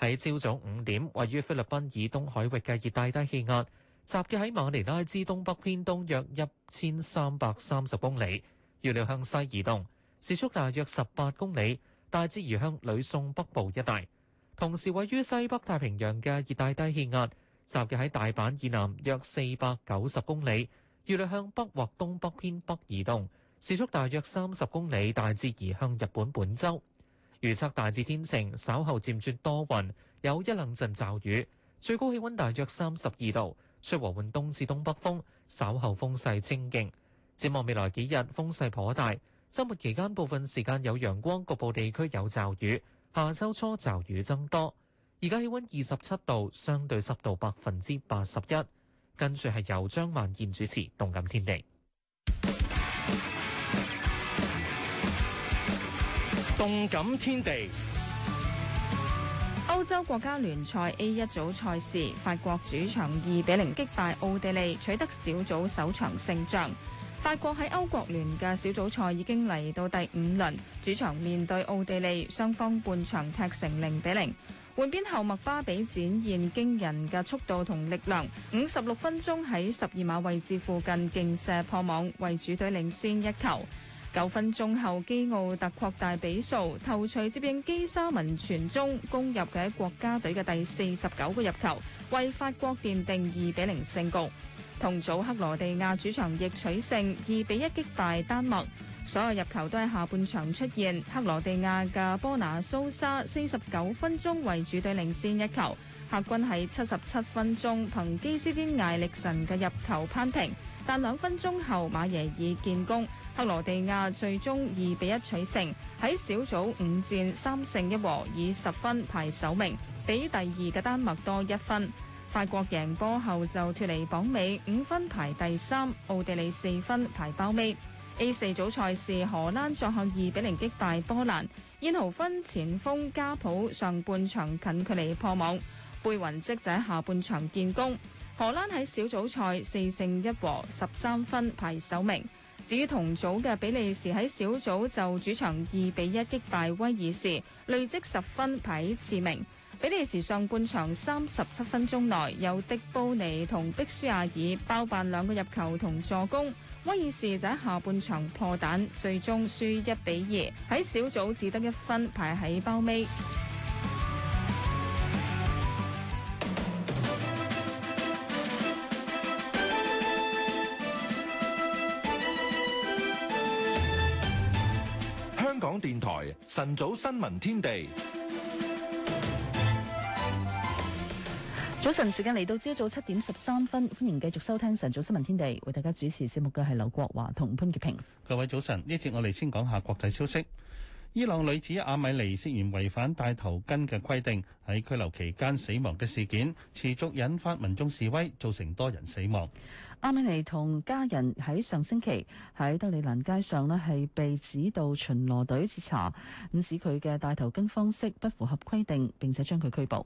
喺朝早五點，位於菲律賓以東海域嘅熱帶低氣壓集結喺馬尼拉之東北偏東約一千三百三十公里，預料向西移動。時速大約十八公里，大致移向呂宋北部一帶。同時，位於西北太平洋嘅熱帶低氣壓，集結喺大阪以南約四百九十公里，預料向北或東北偏北移動，時速大約三十公里，大致移向日本本州。預測大致天晴，稍後漸轉多雲，有一兩陣驟雨，最高氣溫大約三十二度，吹和緩東至東北風，稍後風勢清勁。展望未來幾日，風勢頗大。周末期間部分時間有陽光，局部地區有驟雨。下周初驟雨增多。而家氣溫二十七度，相對濕度百分之八十一。跟住係由張萬燕主持《動感天地》。《動感天地》歐洲國家聯賽 A 一組賽事，法國主場二比零擊敗奧地利，取得小組首場勝仗。法國喺歐國聯嘅小組賽已經嚟到第五輪，主場面對奧地利，雙方半場踢成零比零。換邊後，麥巴比展現驚人嘅速度同力量，五十六分鐘喺十二碼位置附近勁射破網，為主隊領先一球。九分鐘後，基奧特擴大比數，頭槌接應基沙文傳中攻入嘅國家隊嘅第四十九個入球，為法國奠定二比零勝局。同組克羅地亞主場亦取勝，二比一擊敗丹麥，所有入球都喺下半場出現。克羅地亞嘅波拿蘇沙四十九分鐘為主隊領先一球，客軍喺七十七分鐘憑基斯丹艾力神嘅入球扳平，但兩分鐘後馬耶爾建功，克羅地亞最終二比一取勝，喺小組五戰三勝一和，以十分排首名，比第二嘅丹麥多一分。法國贏波後就脫離榜尾，五分排第三；奧地利四分排包尾。A 四組賽事，荷蘭作客二比零擊敗波蘭，燕豪芬前鋒加普上半場近距離破網，貝雲積仔下半場建功。荷蘭喺小組賽四勝一和，十三分排首名。至於同組嘅比利時喺小組就主場二比一擊敗威爾士，累積十分排次名。比利時上半場三十七分鐘內，有迪布尼同碧舒亞爾包辦兩個入球同助攻。威爾士就喺下半場破蛋，最終輸一比二，喺小組只得一分，排喺包尾。香港電台晨早新聞天地。早晨，時間嚟到朝早七點十三分，歡迎繼續收聽晨早新聞天地。為大家主持節目嘅係劉國華同潘潔平。各位早晨，呢次我哋先講下國際消息。伊朗女子阿米尼涉嫌違反戴頭巾嘅規定喺拘留期間死亡嘅事件，持續引發民眾示威，造成多人死亡。阿米尼同家人喺上星期喺德里蘭街上呢係被指導巡邏隊截查，咁使佢嘅戴頭巾方式不符合規定，並且將佢拘捕。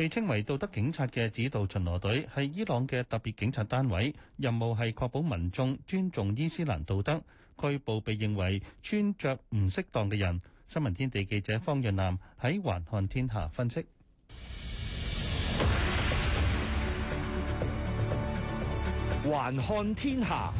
被稱為道德警察嘅指導巡邏隊係伊朗嘅特別警察單位，任務係確保民眾尊重伊斯蘭道德，拘捕被認為穿着唔適當嘅人。新聞天地記者方潤南喺環看天下分析。環看天下，天下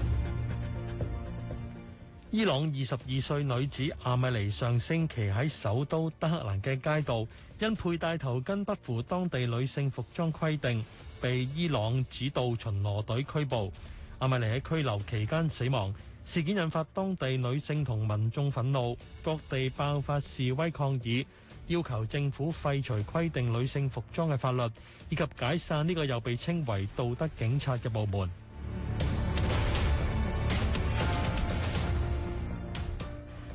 伊朗二十二歲女子阿米尼上星期喺首都德黑蘭嘅街道。因佩戴頭巾不符當地女性服裝規定，被伊朗指導巡邏隊拘捕。阿米尼喺拘留期間死亡，事件引發當地女性同民眾憤怒，各地爆發示威抗議，要求政府廢除規定女性服裝嘅法律，以及解散呢個又被稱為道德警察嘅部門。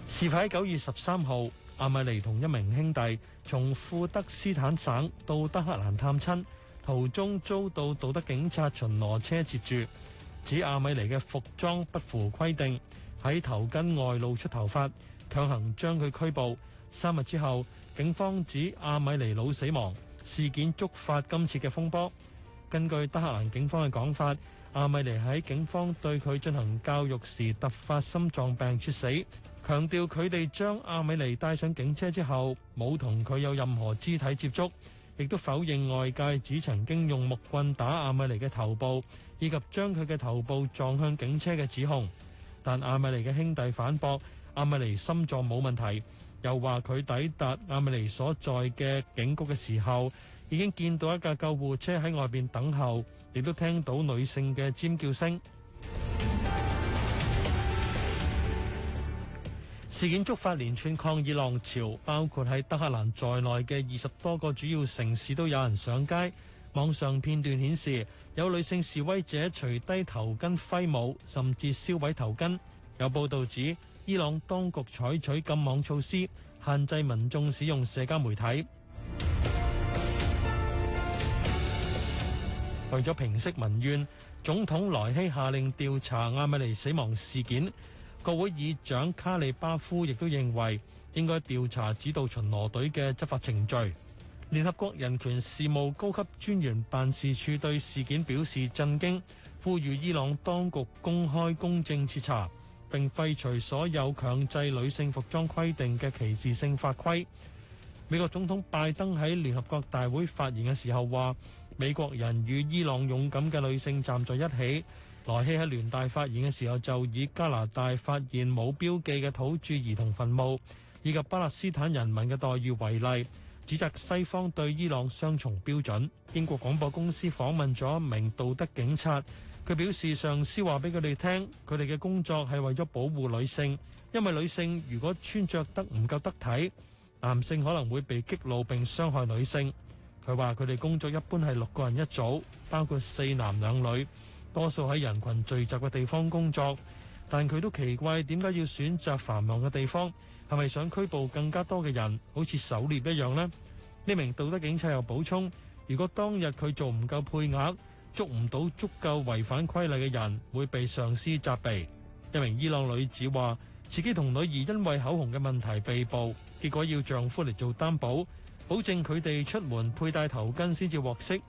事發喺九月十三號。阿米尼同一名兄弟從富德斯坦省到德克蘭探親，途中遭到道德警察巡邏車截住，指阿米尼嘅服裝不符規定，喺頭巾外露出頭髮，強行將佢拘捕。三日之後，警方指阿米尼腦死亡，事件觸發今次嘅風波。根據德克蘭警方嘅講法。阿米尼喺警方對佢進行教育時突發心臟病猝死，強調佢哋將阿米尼帶上警車之後冇同佢有任何肢體接觸，亦都否認外界只曾經用木棍打阿米尼嘅頭部以及將佢嘅頭部撞向警車嘅指控。但阿米尼嘅兄弟反駁阿米尼心臟冇問題，又話佢抵達阿米尼所在嘅警局嘅時候已經見到一架救護車喺外邊等候。亦都聽到女性嘅尖叫聲。事件觸發連串抗議浪潮，包括喺德黑蘭在內嘅二十多個主要城市都有人上街。網上片段顯示，有女性示威者除低頭巾、揮舞，甚至燒毀頭巾。有報導指，伊朗當局採取禁網措施，限制民眾使用社交媒體。為咗平息民怨，總統萊希下令調查阿米尼死亡事件。國會議長卡里巴夫亦都認為應該調查指導巡邏隊嘅執法程序。聯合國人權事務高級專員辦事處對事件表示震驚，呼籲伊朗當局公開公正徹查，並廢除所有強制女性服裝規定嘅歧視性法規。美國總統拜登喺聯合國大會發言嘅時候話。美國人與伊朗勇敢嘅女性站在一起。萊希喺聯大發言嘅時候，就以加拿大發現冇標記嘅土著兒童墳墓，以及巴勒斯坦人民嘅待遇為例，指責西方對伊朗雙重標準。英國廣播公司訪問咗一名道德警察，佢表示上司話俾佢哋聽，佢哋嘅工作係為咗保護女性，因為女性如果穿著得唔夠得體，男性可能會被激怒並傷害女性。佢話：佢哋工作一般係六個人一組，包括四男兩女，多數喺人群聚集嘅地方工作。但佢都奇怪點解要選擇繁忙嘅地方？係咪想拘捕更加多嘅人，好似狩獵一樣呢？呢名道德警察又補充：如果當日佢做唔夠配額，捉唔到足夠違反規例嘅人，會被上司責備。一名伊朗女子話：自己同女兒因為口紅嘅問題被捕，結果要丈夫嚟做擔保。保證佢哋出門佩戴頭巾先至獲釋。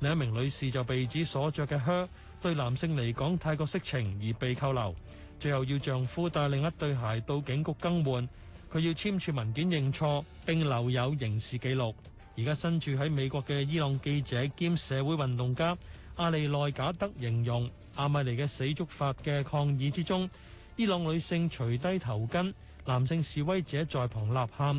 另一名女士就被指所着嘅靴對男性嚟講太過色情而被扣留，最後要丈夫帶另一對鞋到警局更換。佢要簽署文件認錯並留有刑事記錄。而家身處喺美國嘅伊朗記者兼社會運動家阿利內賈德形容阿米尼嘅死觸發嘅抗議之中，伊朗女性除低頭巾，男性示威者在旁吶喊。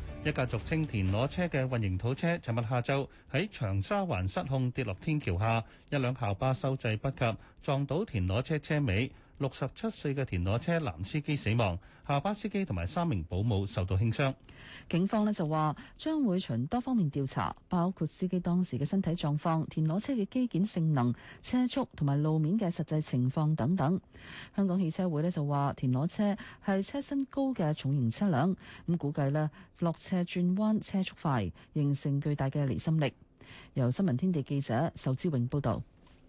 一架俗稱田螺車嘅混凝土車，尋日下晝喺長沙灣失控跌落天橋下，一輛校巴收掣不及，撞到田螺車車尾。六十七歲嘅田螺車男司機死亡，校巴司機同埋三名保姆受到輕傷。警方咧就話將會循多方面調查，包括司機當時嘅身體狀況、田螺車嘅機件性能、車速同埋路面嘅實際情況等等。香港汽車會咧就話田螺車係車身高嘅重型車輛，咁估計咧落斜轉彎車速快，形成巨大嘅離心力。由新聞天地記者仇之永報導。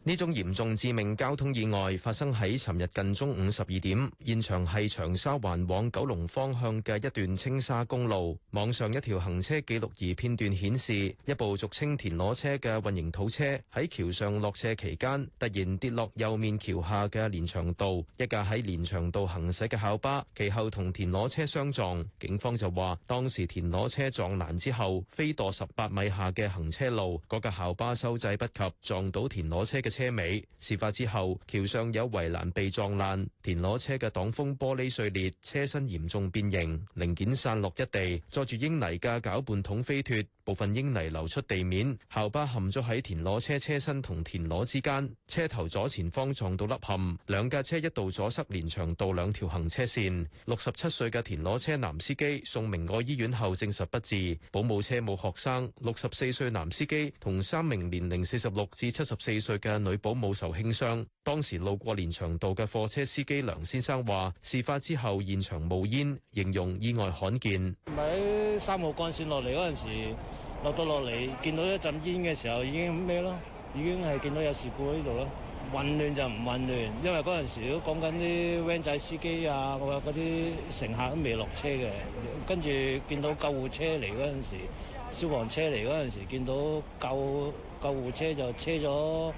呢種嚴重致命交通意外發生喺尋日近中午十二點，現場係長沙環往九龍方向嘅一段青沙公路。網上一條行車記錄儀片段顯示，一部俗稱田螺車嘅混凝土車喺橋上落斜期間突然跌落右面橋下嘅連翔道，一架喺連翔道行駛嘅校巴，其後同田螺車相撞。警方就話當時田螺車撞欄之後飛墮十八米下嘅行車路，嗰架校巴收掣不及，撞到田螺車嘅。車尾，事發之後，橋上有圍欄被撞爛，田螺車嘅擋風玻璃碎裂，車身嚴重變形，零件散落一地，載住英泥嘅攪拌桶飛脫，部分英泥流出地面，校巴陷咗喺田螺車車身同田螺之間，車頭左前方撞到凹陷，兩架車一度阻塞連翔道兩條行車線。六十七歲嘅田螺車男司機送明愛醫院後證實不治，保姆車冇學生，六十四歲男司機同三名年齡四十六至七十四歲嘅。女保姆受輕傷，當時路過連翔道嘅貨車司機梁先生話：事發之後現場冒煙，形容意外罕見。唔喺三號幹線落嚟嗰陣時，落到落嚟見到一陣煙嘅時候已經咩咯，已經係見到有事故喺度咯。混亂就唔混亂，因為嗰陣時都講緊啲 van 仔司機啊，嗰啲乘客都未落車嘅。跟住見到救護車嚟嗰陣時，消防車嚟嗰陣時，見到救救護車就車咗。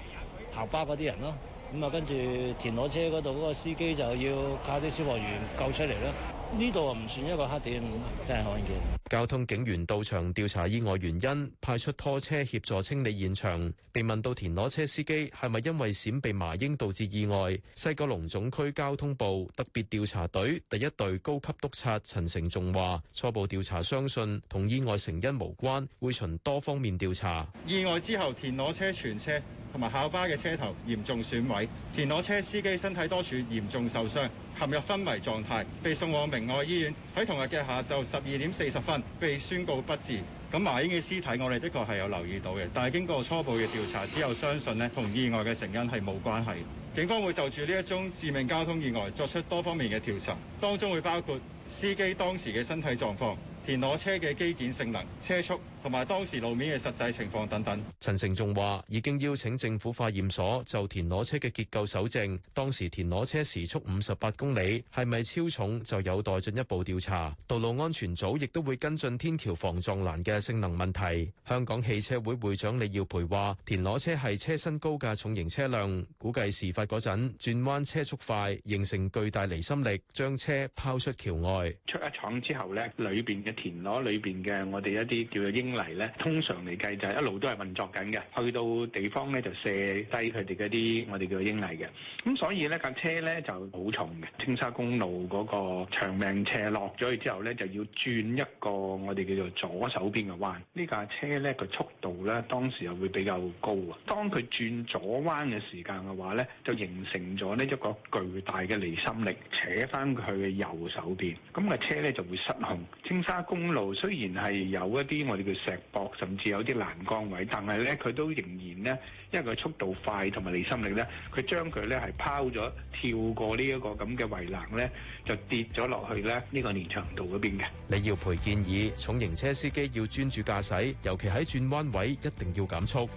校巴嗰啲人咯，咁啊跟住田螺車嗰度嗰個司機就要靠啲消防員救出嚟咯。呢度啊唔算一個黑點，真係可嘅。交通警員到場調查意外原因，派出拖車協助清理現場。被問到田螺車司機係咪因為閃避麻英導致意外，西九龍總區交通部特別調查隊第一隊高級督察陳成仲話：初步調查相信同意外成因無關，會循多方面調查。意外之後，田螺車全車。同埋校巴嘅車頭嚴重損毀，田螺車司機身體多處嚴重受傷，陷入昏迷狀態，被送往明愛醫院。喺同日嘅下晝十二點四十分被宣告不治。咁麻鷹嘅屍體，我哋的確係有留意到嘅，但係經過初步嘅調查之後，只有相信呢同意外嘅成因係冇關係。警方會就住呢一宗致命交通意外作出多方面嘅調查，當中會包括司機當時嘅身體狀況。田螺車嘅機件性能、車速同埋當時路面嘅實際情況等等。陳成仲話：已經邀請政府化驗所就田螺車嘅結構蒐證，當時田螺車時速五十八公里，係咪超重就有待進一步調查。道路安全組亦都會跟進天橋防撞欄嘅性能問題。香港汽車會會長李耀培話：田螺車係車身高嘅重型車輛，估計事發嗰陣轉彎車速快，形成巨大離心力，將車拋出橋外。出一廠之後呢，裏邊嘅田螺裏邊嘅我哋一啲叫做英泥咧，通常嚟計就係一路都係運作緊嘅，去到地方咧就卸低佢哋嗰啲我哋叫做英泥嘅。咁所以咧架車咧就好重嘅，青沙公路嗰個長命斜落咗去之後咧，就要轉一個我哋叫做左手邊嘅彎。呢架車咧個速度咧當時又會比較高啊。當佢轉左彎嘅時間嘅話咧，就形成咗呢一個巨大嘅離心力，扯返佢嘅右手邊，咁架車咧就會失控。青沙公路雖然係有一啲我哋叫石礫，甚至有啲欄杆位，但係咧佢都仍然咧，因為佢速度快同埋離心力咧，佢將佢咧係拋咗跳過呢一個咁嘅圍欄咧，就跌咗落去咧呢個連長道嗰邊嘅。李耀培建議重型車司機要專注駕駛，尤其喺轉彎位一定要減速。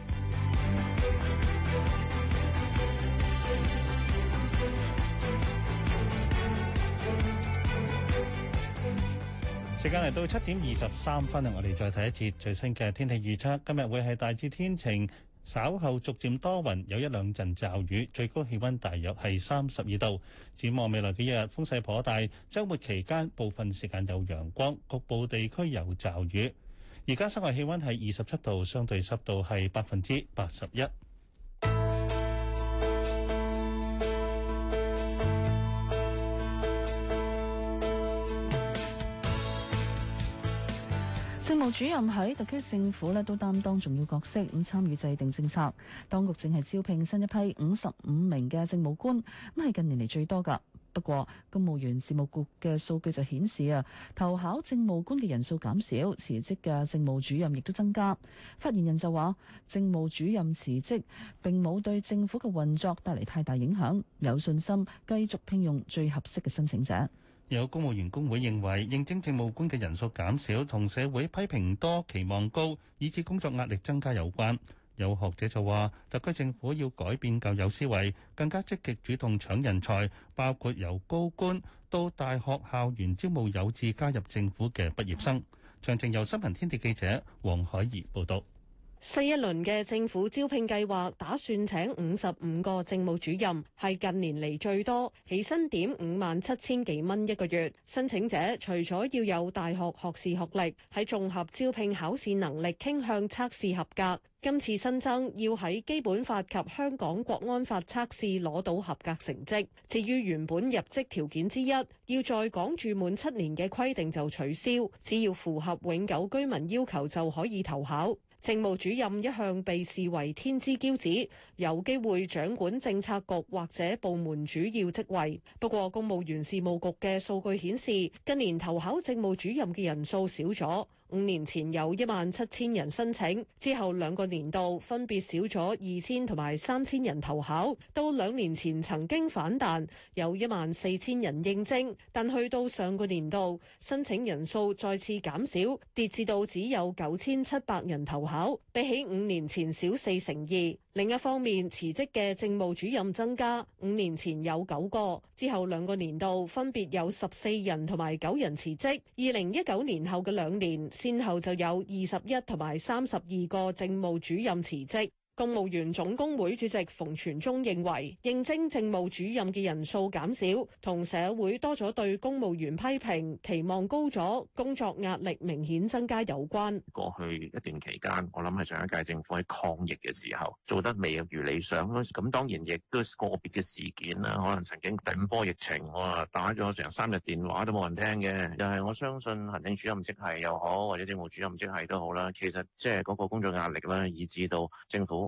時間嚟到七點二十三分，我哋再睇一次最新嘅天氣預測。今日會係大致天晴，稍後逐漸多雲，有一兩陣驟雨。最高氣温大約係三十二度。展望未來幾日風勢頗大，周末期間部分時間有陽光，局部地區有驟雨。而家室外氣温係二十七度，相對濕度係百分之八十一。主任喺特區政府呢都擔當重要角色，咁參與制定政策。當局正係招聘新一批五十五名嘅政務官，咁係近年嚟最多㗎。不過，公務員事務局嘅數據就顯示啊，投考政務官嘅人數減少，辭職嘅政務主任亦都增加。發言人就話，政務主任辭職並冇對政府嘅運作帶嚟太大影響，有信心繼續聘用最合適嘅申請者。有公務員工會認為應徵政務官嘅人數減少，同社會批評多、期望高，以致工作壓力增加有關，有學者就話特區政府要改變舊有思維，更加積極主動搶人才，包括由高官到大學校園招募有志加入政府嘅畢業生。詳情由新聞天地記者黃海怡報道。新一輪嘅政府招聘計劃打算請五十五個政務主任，係近年嚟最多，起薪點五萬七千幾蚊一個月。申請者除咗要有大學學士學歷，喺綜合招聘考試能力傾向測試合格。今次新增要喺基本法及香港國安法測試攞到合格成績。至於原本入職條件之一，要在港住滿七年嘅規定就取消，只要符合永久居民要求就可以投考。政務主任一向被視為天之驕子，有機會掌管政策局或者部門主要職位。不過，公務員事務局嘅數據顯示，近年投考政務主任嘅人數少咗。五年前有一萬七千人申請，之後兩個年度分別少咗二千同埋三千人投考，到兩年前曾經反彈，有一萬四千人應徵，但去到上個年度，申請人數再次減少，跌至到只有九千七百人投考，比起五年前少四成二。另一方面，辭職嘅政務主任增加，五年前有九個，之後兩個年度分別有十四人同埋九人辭職。二零一九年後嘅兩年，先後就有二十一同埋三十二個政務主任辭職。公務員總工會主席馮全忠認為，應徵政務主任嘅人數減少，同社會多咗對公務員批評、期望高咗、工作壓力明顯增加有關。過去一段期間，我諗係上一屆政府喺抗疫嘅時候做得未有如理想咯。咁當然亦都個別嘅事件啦，可能曾經第五波疫情我啊打咗成三日電話都冇人聽嘅。又係我相信行政主任職系又好，或者政務主任職系都好啦。其實即係嗰個工作壓力啦，以至到政府。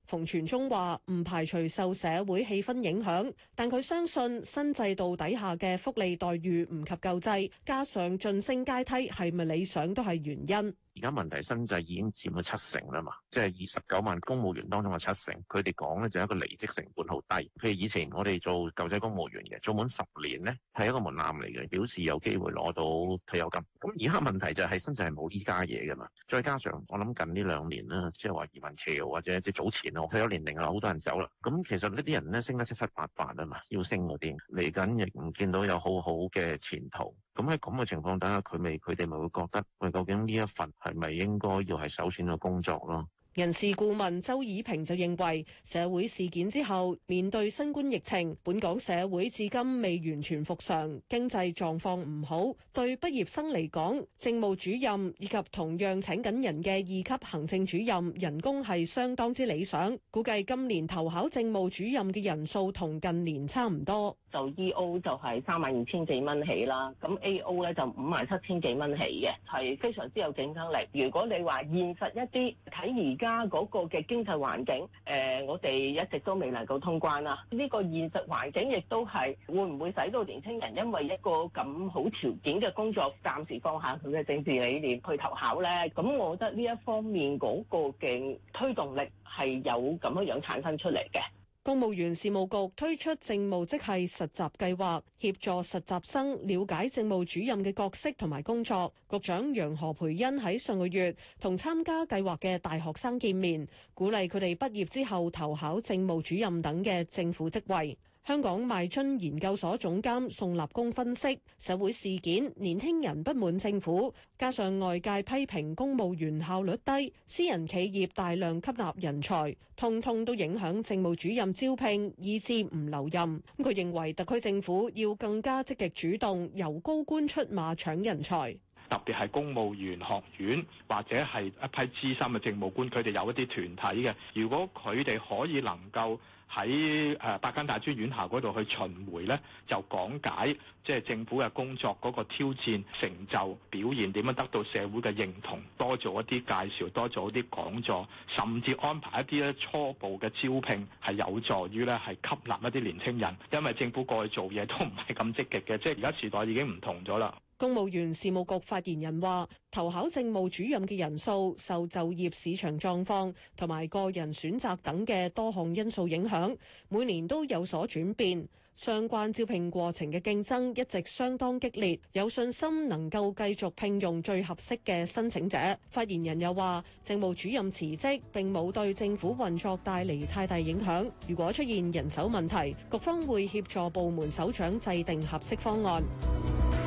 馮傳忠話唔排除受社會氣氛影響，但佢相信新制度底下嘅福利待遇唔及舊制，加上晉升階梯係咪理想都係原因。而家問題新制已經佔咗七成啦嘛，即係二十九萬公務員當中嘅七成，佢哋講咧就係一個離職成本好低。譬如以前我哋做舊制公務員嘅，做滿十年咧係一個門檻嚟嘅，表示有機會攞到退休金。咁而家問題就係新制係冇依家嘢噶嘛，再加上我諗近呢兩年啦，即係話移民潮或者即係早前咯，退休年齡啦，好多人走啦。咁其實呢啲人咧升得七七八八啊嘛，要升嗰啲嚟緊亦唔見到有好好嘅前途。咁喺咁嘅情況底下，佢咪佢哋咪會覺得，喂，究竟呢一份係咪應該要係首選嘅工作咯？人事顧問周以平就認為，社會事件之後，面對新冠疫情，本港社會至今未完全復常，經濟狀況唔好，對畢業生嚟講，政務主任以及同樣請緊人嘅二級行政主任人工係相當之理想。估計今年投考政務主任嘅人數同近年差唔多。就 E.O. 就係三萬二千幾蚊起啦，咁 A.O. 呢就五萬七千幾蚊起嘅，係非常之有競爭力。如果你話現實一啲，睇而而家嗰個嘅經濟環境，誒、呃，我哋一直都未能夠通關啦。呢、這個現實環境亦都係會唔會使到年青人因為一個咁好條件嘅工作，暫時放下佢嘅政治理念去投考咧？咁我覺得呢一方面嗰個嘅推動力係有咁樣樣產生出嚟嘅。公務員事務局推出政務職系實習計劃，協助實習生了解政務主任嘅角色同埋工作。局長楊何培恩喺上個月同參加計劃嘅大學生見面，鼓勵佢哋畢業之後投考政務主任等嘅政府職位。香港邁進研究所總監宋立功分析，社會事件、年輕人不滿政府，加上外界批評公務員效率低，私人企業大量吸納人才，通通都影響政務主任招聘，以至唔留任。佢認為特區政府要更加積極主動，由高官出馬搶人才，特別係公務員學院或者係一批資深嘅政務官，佢哋有一啲團體嘅，如果佢哋可以能夠。喺誒八間大專院校嗰度去巡迴咧，就講解即係政府嘅工作嗰個挑戰、成就、表現點樣得到社會嘅認同，多做一啲介紹，多做一啲講座，甚至安排一啲咧初步嘅招聘，係有助於咧係吸納一啲年輕人，因為政府過去做嘢都唔係咁積極嘅，即係而家時代已經唔同咗啦。公務員事務局發言人話，投考政務主任嘅人數受就業市場狀況同埋個人選擇等嘅多項因素影響，每年都有所轉變。相關招聘過程嘅競爭一直相當激烈，有信心能夠繼續聘用最合適嘅申請者。發言人又話，政務主任辭職並冇對政府運作帶嚟太大影響。如果出現人手問題，局方會協助部門首長制定合適方案。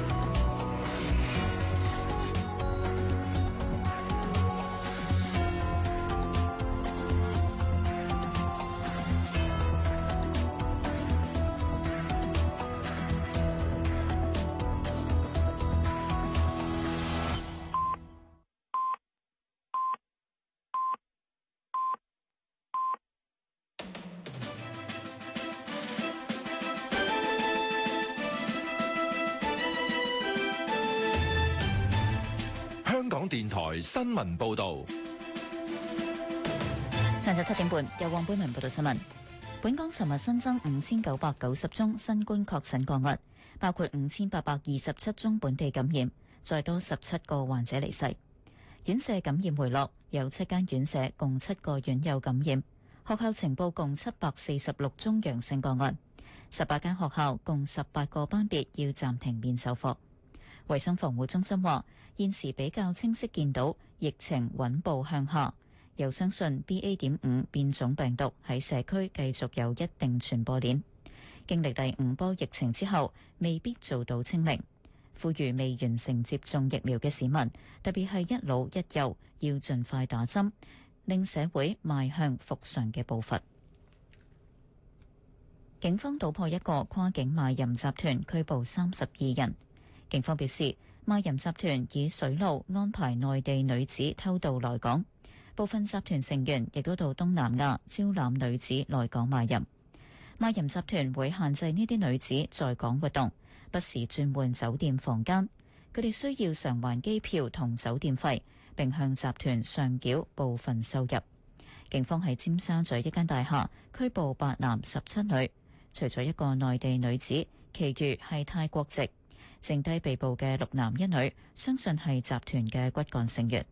新聞報道。上晝七點半，有黃貝文報道新聞。本港尋日新增五千九百九十宗新冠確診個案，包括五千八百二十七宗本地感染，再多十七個患者離世。院舍感染回落，有七間院舍共七個院友感染。學校情報共七百四十六宗陽性個案，十八間學校共十八個班別要暫停面授課。衛生防護中心話，現時比較清晰見到。疫情穩步向下，又相信 B A. 點五變種病毒喺社區繼續有一定傳播鏈。經歷第五波疫情之後，未必做到清零。呼籲未完成接種疫苗嘅市民，特別係一老一幼，要盡快打針，令社會邁向復常嘅步伐。警方搗破一個跨境賣淫集團拘捕三十二人。警方表示，賣淫集團以水路安排內地女子偷渡來港，部分集團成員亦都到東南亞招攬女子來港賣淫。賣淫集團會限制呢啲女子在港活動，不時轉換酒店房間。佢哋需要償還機票同酒店費，並向集團上繳部分收入。警方喺尖沙咀一間大廈拘捕八男十七女，除咗一個內地女子，其餘係泰國籍。剩低被捕嘅六男一女，相信係集團嘅骨幹成員。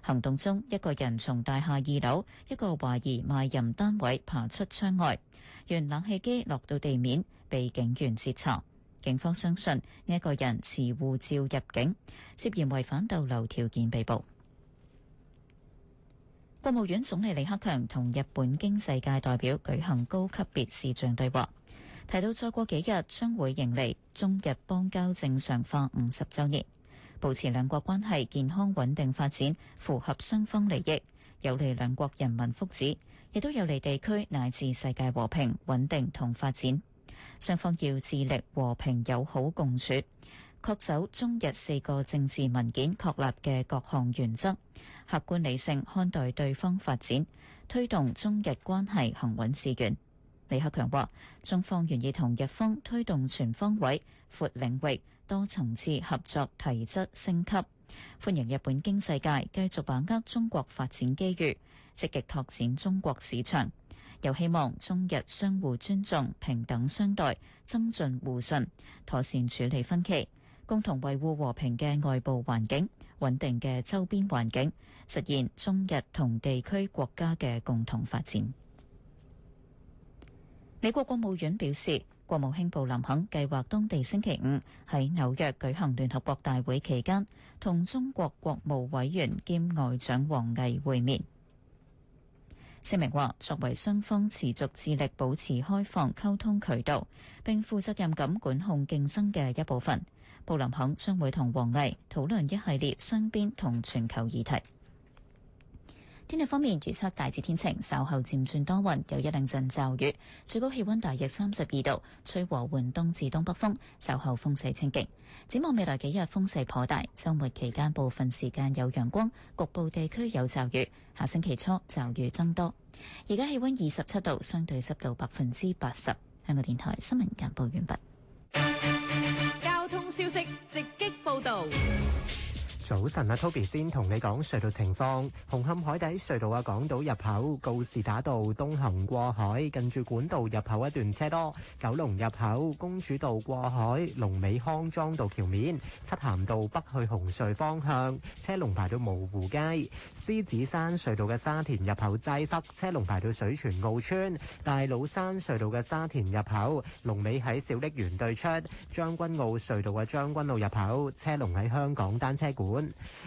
行動中，一個人從大廈二樓一個懷疑賣淫單位爬出窗外，原冷氣機落到地面，被警員截查。警方相信呢一個人持護照入境，涉嫌違反逗留條件被捕。 [LAUGHS] 國務院總理李克強同日本經濟界代表舉行高級別視像對話。提到再過幾日將會迎嚟中日邦交正常化五十週年，保持兩國關係健康穩定發展，符合雙方利益，有利兩國人民福祉，亦都有利地區乃至世界和平穩定同發展。雙方要致力和平友好共處，恪守中日四個政治文件確立嘅各項原則，客觀理性看待對方發展，推動中日關係行穩致遠。李克強話：中方願意同日方推動全方位、闊領域、多層次合作提質升級，歡迎日本經濟界繼續把握中國發展機遇，積極拓展中國市場。又希望中日相互尊重、平等相待，增進互信，妥善處理分歧，共同維護和平嘅外部環境、穩定嘅周邊環境，實現中日同地區國家嘅共同發展。美國國務院表示，國務卿布林肯計劃當地星期五喺紐約舉行聯合國大會期間，同中國國務委員兼外長王毅會面。聲明話，作為雙方持續致力保持開放溝通渠道，並負責任咁管控競爭嘅一部分，布林肯將會同王毅討論一系列雙邊同全球議題。天氣方面，預測大致天晴，稍後漸轉多雲，有一兩陣驟雨，最高氣溫大約三十二度，吹和緩東至東北風，稍後風勢清勁。展望未來幾日風勢頗大，週末期間部分時間有陽光，局部地區有驟雨，下星期初驟雨增多。而家氣溫二十七度，相對濕度百分之八十。香港電台新聞簡報完畢。交通消息直擊報道。早晨啊，Toby 先同你講隧道情況。紅磡海底隧道嘅港島入口告士打道東行過海，近住管道入口一段車多。九龍入口公主道過海，龍尾康莊道橋面。漆咸道北去紅隧方向，車龍排到蕪湖街。獅子山隧道嘅沙田入口擠塞，車龍排到水泉澳村。大老山隧道嘅沙田入口龍尾喺小瀝源對出。將軍澳隧道嘅將軍澳入口，車龍喺香港單車館。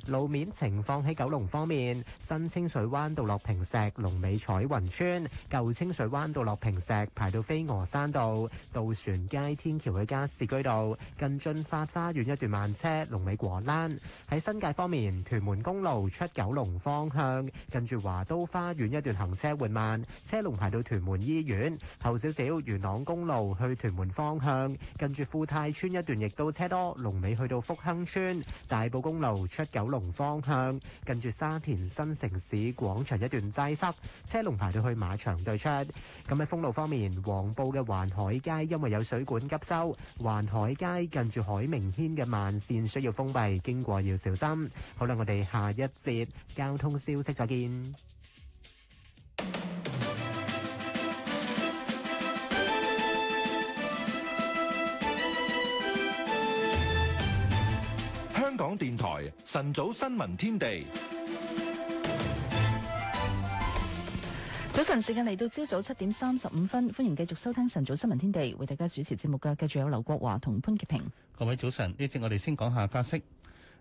路面情況喺九龍方面，新清水灣道落坪石，龍尾彩雲邨；舊清水灣道落坪石，排到飛鵝山道；渡船街天橋去加士居道，近駿發花園一段慢車，龍尾果欄。喺新界方面，屯門公路出九龍方向，近住華都花園一段行車緩慢，車龍排到屯門醫院；後少少元朗公路去屯門方向，近住富泰村一段亦都車多，龍尾去到福亨村大埔公路。出九龍方向，近住沙田新城市廣場一段擠塞，車龍排到去馬場對出。咁喺封路方面，黃埔嘅環海街因為有水管急修，環海街近住海明軒嘅慢綫需要封閉，經過要小心。好啦，我哋下一節交通消息再見。港電台晨早新聞天地，早晨時間嚟到朝早七點三十五分，歡迎繼續收聽晨早新聞天地，為大家主持節目嘅繼續有劉國華同潘潔平。各位早晨，呢節我哋先講下加息。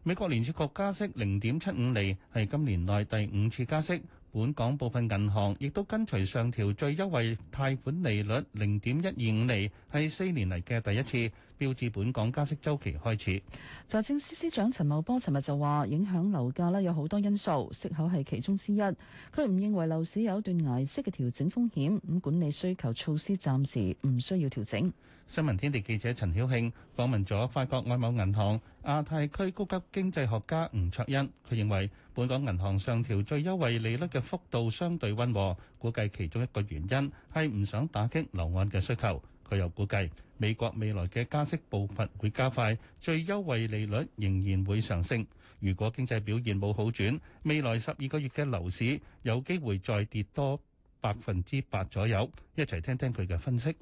美國聯儲局加息零點七五厘，係今年內第五次加息。本港部分銀行亦都跟隨上調最優惠貸款利率零點一二五厘，係四年嚟嘅第一次。標誌本港加息周期開始。財政司司長陳茂波尋日就話，影響樓價呢有好多因素，息口係其中之一。佢唔認為樓市有斷崖式嘅調整風險，咁管理需求措施暫時唔需要調整。新聞天地記者陳曉慶訪問咗法國外貿銀行亞太區高級經濟學家吳卓恩。佢認為本港銀行上調最優惠利率嘅幅度相對温和，估計其中一個原因係唔想打擊樓按嘅需求。佢又估計，美國未來嘅加息步伐會加快，最優惠利率仍然會上升。如果經濟表現冇好轉，未來十二個月嘅樓市有機會再跌多百分之八左右。一齊聽聽佢嘅分析。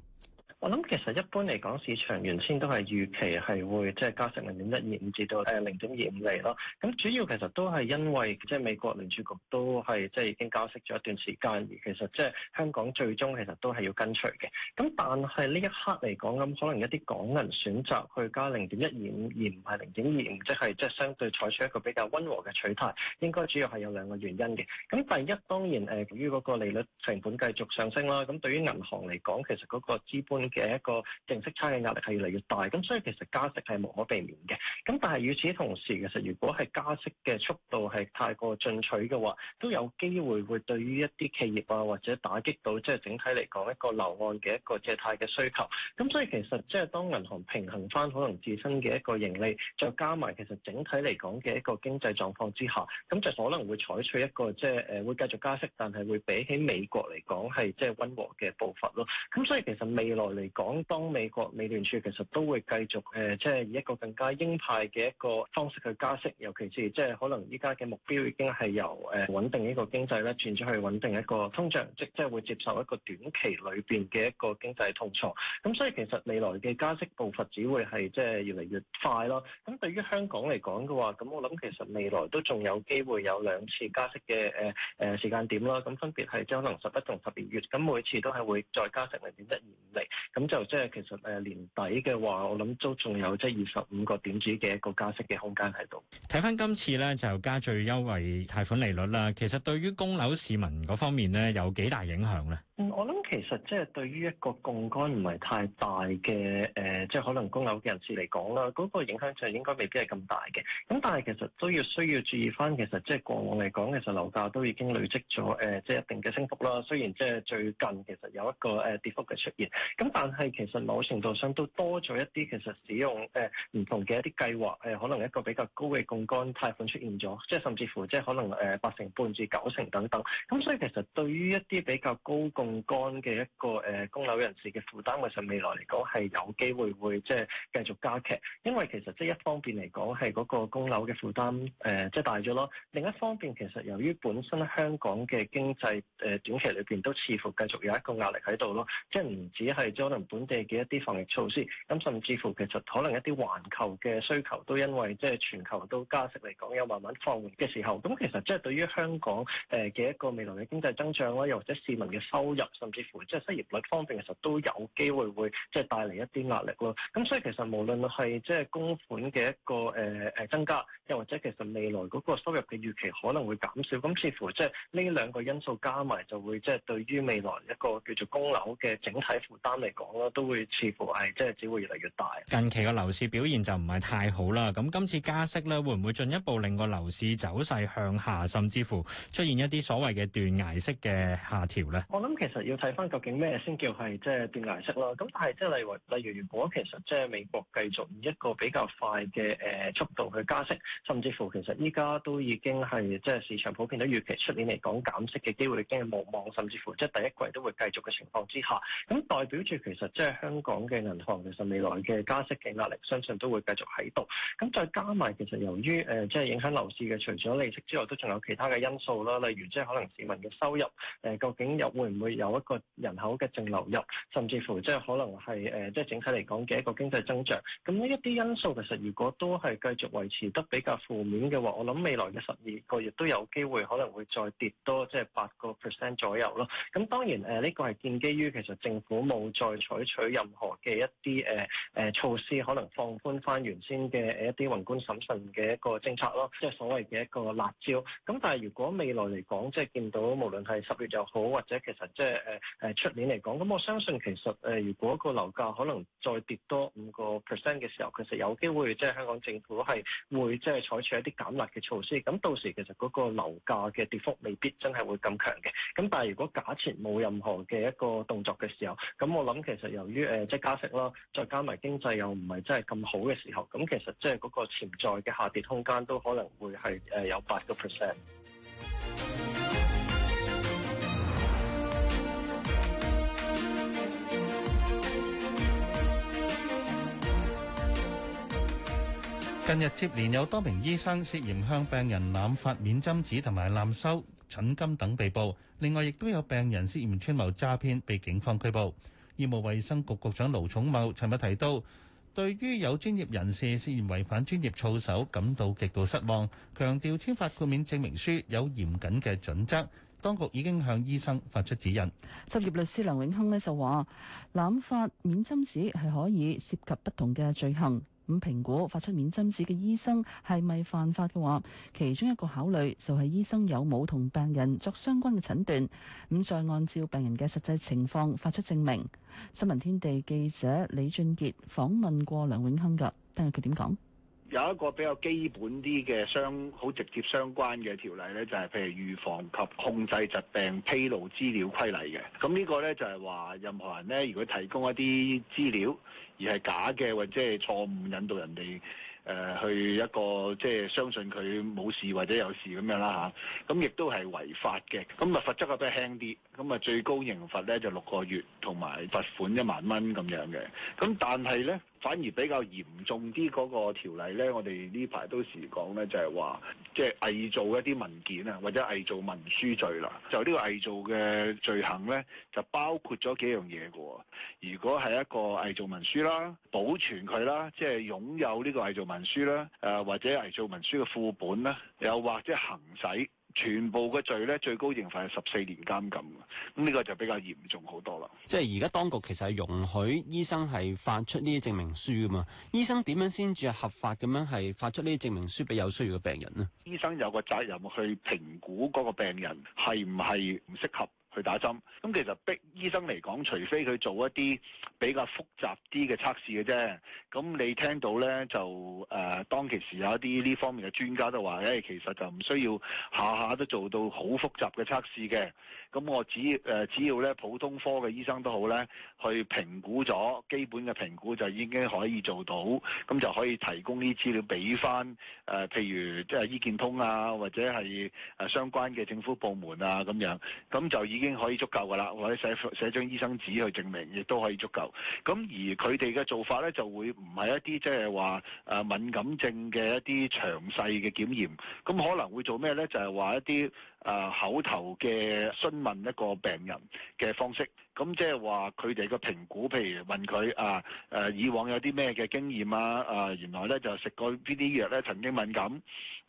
我諗其實一般嚟講，市場原先都係預期係會即係加息零點一二五至到係零點二五厘咯。咁主要其實都係因為即係美國聯儲局都係即係已經加息咗一段時間，而其實即係香港最終其實都係要跟隨嘅。咁但係呢一刻嚟講，咁可能一啲港銀選擇去加零點一二五而唔係零點二五，即係即係相對採取一個比較温和嘅取態，應該主要係有兩個原因嘅。咁第一當然誒，啊，由於嗰個利率成本繼續上升啦。咁對於銀行嚟講，其實嗰個資本嘅一個淨息差嘅壓力係越嚟越大，咁所以其實加息係無可避免嘅。咁但係與此同時，其實如果係加息嘅速度係太過進取嘅話，都有機會會對於一啲企業啊，或者打擊到即係、就是、整體嚟講一個流岸嘅一個借貸嘅需求。咁所以其實即係當銀行平衡翻可能自身嘅一個盈利，再加埋其實整體嚟講嘅一個經濟狀況之下，咁就可能會採取一個即係誒會繼續加息，但係會比起美國嚟講，係即係溫和嘅步伐咯。咁所以其實未來嚟講，當美國美聯儲其實都會繼續誒，即、呃、係、就是、以一個更加鷹派嘅一個方式去加息，尤其是即係可能依家嘅目標已經係由誒、呃、穩定呢個經濟咧轉咗去穩定一個通脹，即即係會接受一個短期裏邊嘅一個經濟痛楚。咁所以其實未來嘅加息步伐只會係即係越嚟越快咯。咁對於香港嚟講嘅話，咁我諗其實未來都仲有機會有兩次加息嘅誒誒時間點啦。咁分別係將可能十一同十二月，咁每次都係會再加息零點一二五釐。咁就即係其實誒年底嘅話，我諗都仲有即係二十五個點子嘅一個加息嘅空間喺度。睇返今次咧就加最優惠貸款利率啦，其實對於供樓市民嗰方面咧有幾大影響咧？我諗其實即係對於一個槓桿唔係太大嘅，誒、呃，即係可能供樓嘅人士嚟講啦，嗰、那個影響就應該未必係咁大嘅。咁但係其實都要需要注意翻，其實即係過往嚟講，其實樓價都已經累積咗誒、呃，即係一定嘅升幅啦。雖然即係最近其實有一個誒、呃、跌幅嘅出現，咁但係其實某程度上都多咗一啲其實使用誒唔、呃、同嘅一啲計劃，誒、呃、可能一個比較高嘅槓桿貸款出現咗，即係甚至乎即係可能誒、呃、八成半至九成等等。咁所以其實對於一啲比較高槓干嘅一個誒供樓人士嘅負擔，其實未來嚟講係有機會會即係繼續加劇，因為其實即係一方面嚟講，係嗰個供樓嘅負擔誒即係大咗咯，另一方面其實由於本身香港嘅經濟誒短期裏邊都似乎繼續有一個壓力喺度咯，即係唔止係將可能本地嘅一啲防疫措施，咁甚至乎其實可能一啲環球嘅需求都因為即係全球都加息嚟講，有慢慢放緩嘅時候，咁其實即係對於香港誒嘅一個未來嘅經濟增長啦，又或者市民嘅收入甚至乎即係失業率方面，其實都有機會會即係帶嚟一啲壓力咯。咁所以其實無論係即係供款嘅一個誒誒、呃、增加，又或者其實未來嗰個收入嘅預期可能會減少，咁似乎即係呢兩個因素加埋，就會即係對於未來一個叫做供樓嘅整體負擔嚟講啦，都會似乎係即係只會越嚟越大。近期嘅樓市表現就唔係太好啦。咁今次加息咧，會唔會進一步令個樓市走勢向下，甚至乎出現一啲所謂嘅斷崖式嘅下調咧？我諗其。其實要睇翻究竟咩先叫係即係變顏色啦。咁但係即係例如例如，例如，如果其實即係美國繼續以一個比較快嘅誒速度去加息，甚至乎其實依家都已經係即係市場普遍都預期出年嚟講減息嘅機會已經係無望，甚至乎即係第一季都會繼續嘅情況之下，咁代表住其實即係香港嘅銀行其實未來嘅加息嘅壓力，相信都會繼續喺度。咁再加埋其實由於誒即係影響樓市嘅除咗利息之外，都仲有其他嘅因素啦。例如即係可能市民嘅收入誒究竟又會唔會？有一個人口嘅淨流入，甚至乎即係可能係誒即係整體嚟講嘅一個經濟增長，咁呢一啲因素其實如果都係繼續維持得比較負面嘅話，我諗未來嘅十二個月都有機會可能會再跌多即係八個 percent 左右咯。咁當然誒呢、呃這個係建基於其實政府冇再採取，取任何嘅一啲誒誒措施，可能放寬翻原先嘅一啲宏觀審慎嘅一個政策咯，即係所謂嘅一個辣招。咁但係如果未來嚟講，即係見到無論係十月又好，或者其實即、就、係、是誒誒誒，出年嚟講，咁我相信其實誒，如果個樓價可能再跌多五個 percent 嘅時候，其實有機會即係香港政府係會即係採取一啲減辣嘅措施。咁到時其實嗰個樓價嘅跌幅未必真係會咁強嘅。咁但係如果假設冇任何嘅一個動作嘅時候，咁我諗其實由於誒、呃、即係加息啦，再加埋經濟又唔係真係咁好嘅時候，咁其實即係嗰個潛在嘅下跌空間都可能會係誒有八個 percent。近日接連有多名醫生涉嫌向病人濫發免針紙同埋濫收診金等被捕，另外亦都有病人涉嫌串謀詐騙被警方拘捕。醫務衛生局局長盧重茂尋日提到，對於有專業人士涉嫌違反專業操守，感到極度失望，強調簽發豁免證明書有嚴謹嘅準則，當局已經向醫生發出指引。執業律師梁永亨呢就話濫發免針紙係可以涉及不同嘅罪行。咁，評估發出免針紙嘅醫生係咪犯法嘅話，其中一個考慮就係醫生有冇同病人作相關嘅診斷，咁再按照病人嘅實際情況發出證明。新聞天地記者李俊傑訪問過梁永亨噶，聽下佢點講。有一個比較基本啲嘅相好直接相關嘅條例咧，就係、是、譬如預防及控制疾病披露資料規例嘅。咁呢個咧就係、是、話任何人咧，如果提供一啲資料而係假嘅，或者係錯誤引導人哋誒、呃、去一個即係、就是、相信佢冇事或者有事咁樣啦嚇，咁、啊、亦都係違法嘅。咁罰則啊都輕啲。咁啊，最高刑罰咧就六個月，同埋罰款一萬蚊咁樣嘅。咁但係咧，反而比較嚴重啲嗰個條例咧，我哋呢排都時講咧，就係話即係偽造一啲文件啊，或者偽造文書罪啦。就呢個偽造嘅罪行咧，就包括咗幾樣嘢嘅。如果係一個偽造文書啦，保存佢啦，即係擁有呢個偽造文書啦，誒或者偽造文書嘅副本啦，又或者行使。全部嘅罪咧，最高刑罰係十四年監禁，咁、這、呢個就比較嚴重好多啦。即係而家當局其實係容許醫生係發出呢啲證明書噶嘛，醫生點樣先至係合法咁樣係發出呢啲證明書俾有需要嘅病人呢？醫生有個責任去評估嗰個病人係唔係唔適合。去打針，咁其實逼醫生嚟講，除非佢做一啲比較複雜啲嘅測試嘅啫。咁你聽到咧，就誒、呃、當其時有一啲呢方面嘅專家都話，誒、欸、其實就唔需要下下都做到好複雜嘅測試嘅。咁我只誒、呃、只要咧普通科嘅醫生都好咧，去評估咗基本嘅評估就已經可以做到，咁就可以提供啲資料俾翻誒，譬如即係醫健通啊，或者係誒相關嘅政府部門啊咁樣，咁就已經可以足夠噶啦，或者寫寫張醫生紙去證明，亦都可以足夠。咁而佢哋嘅做法咧，就會唔係一啲即係話誒敏感症嘅一啲詳細嘅檢驗，咁可能會做咩咧？就係話一啲。誒、呃，口頭嘅詢問一個病人嘅方式。咁即係話佢哋個評估，譬如問佢啊誒以往有啲咩嘅經驗啊，啊原來咧就食過呢啲藥咧曾經敏感，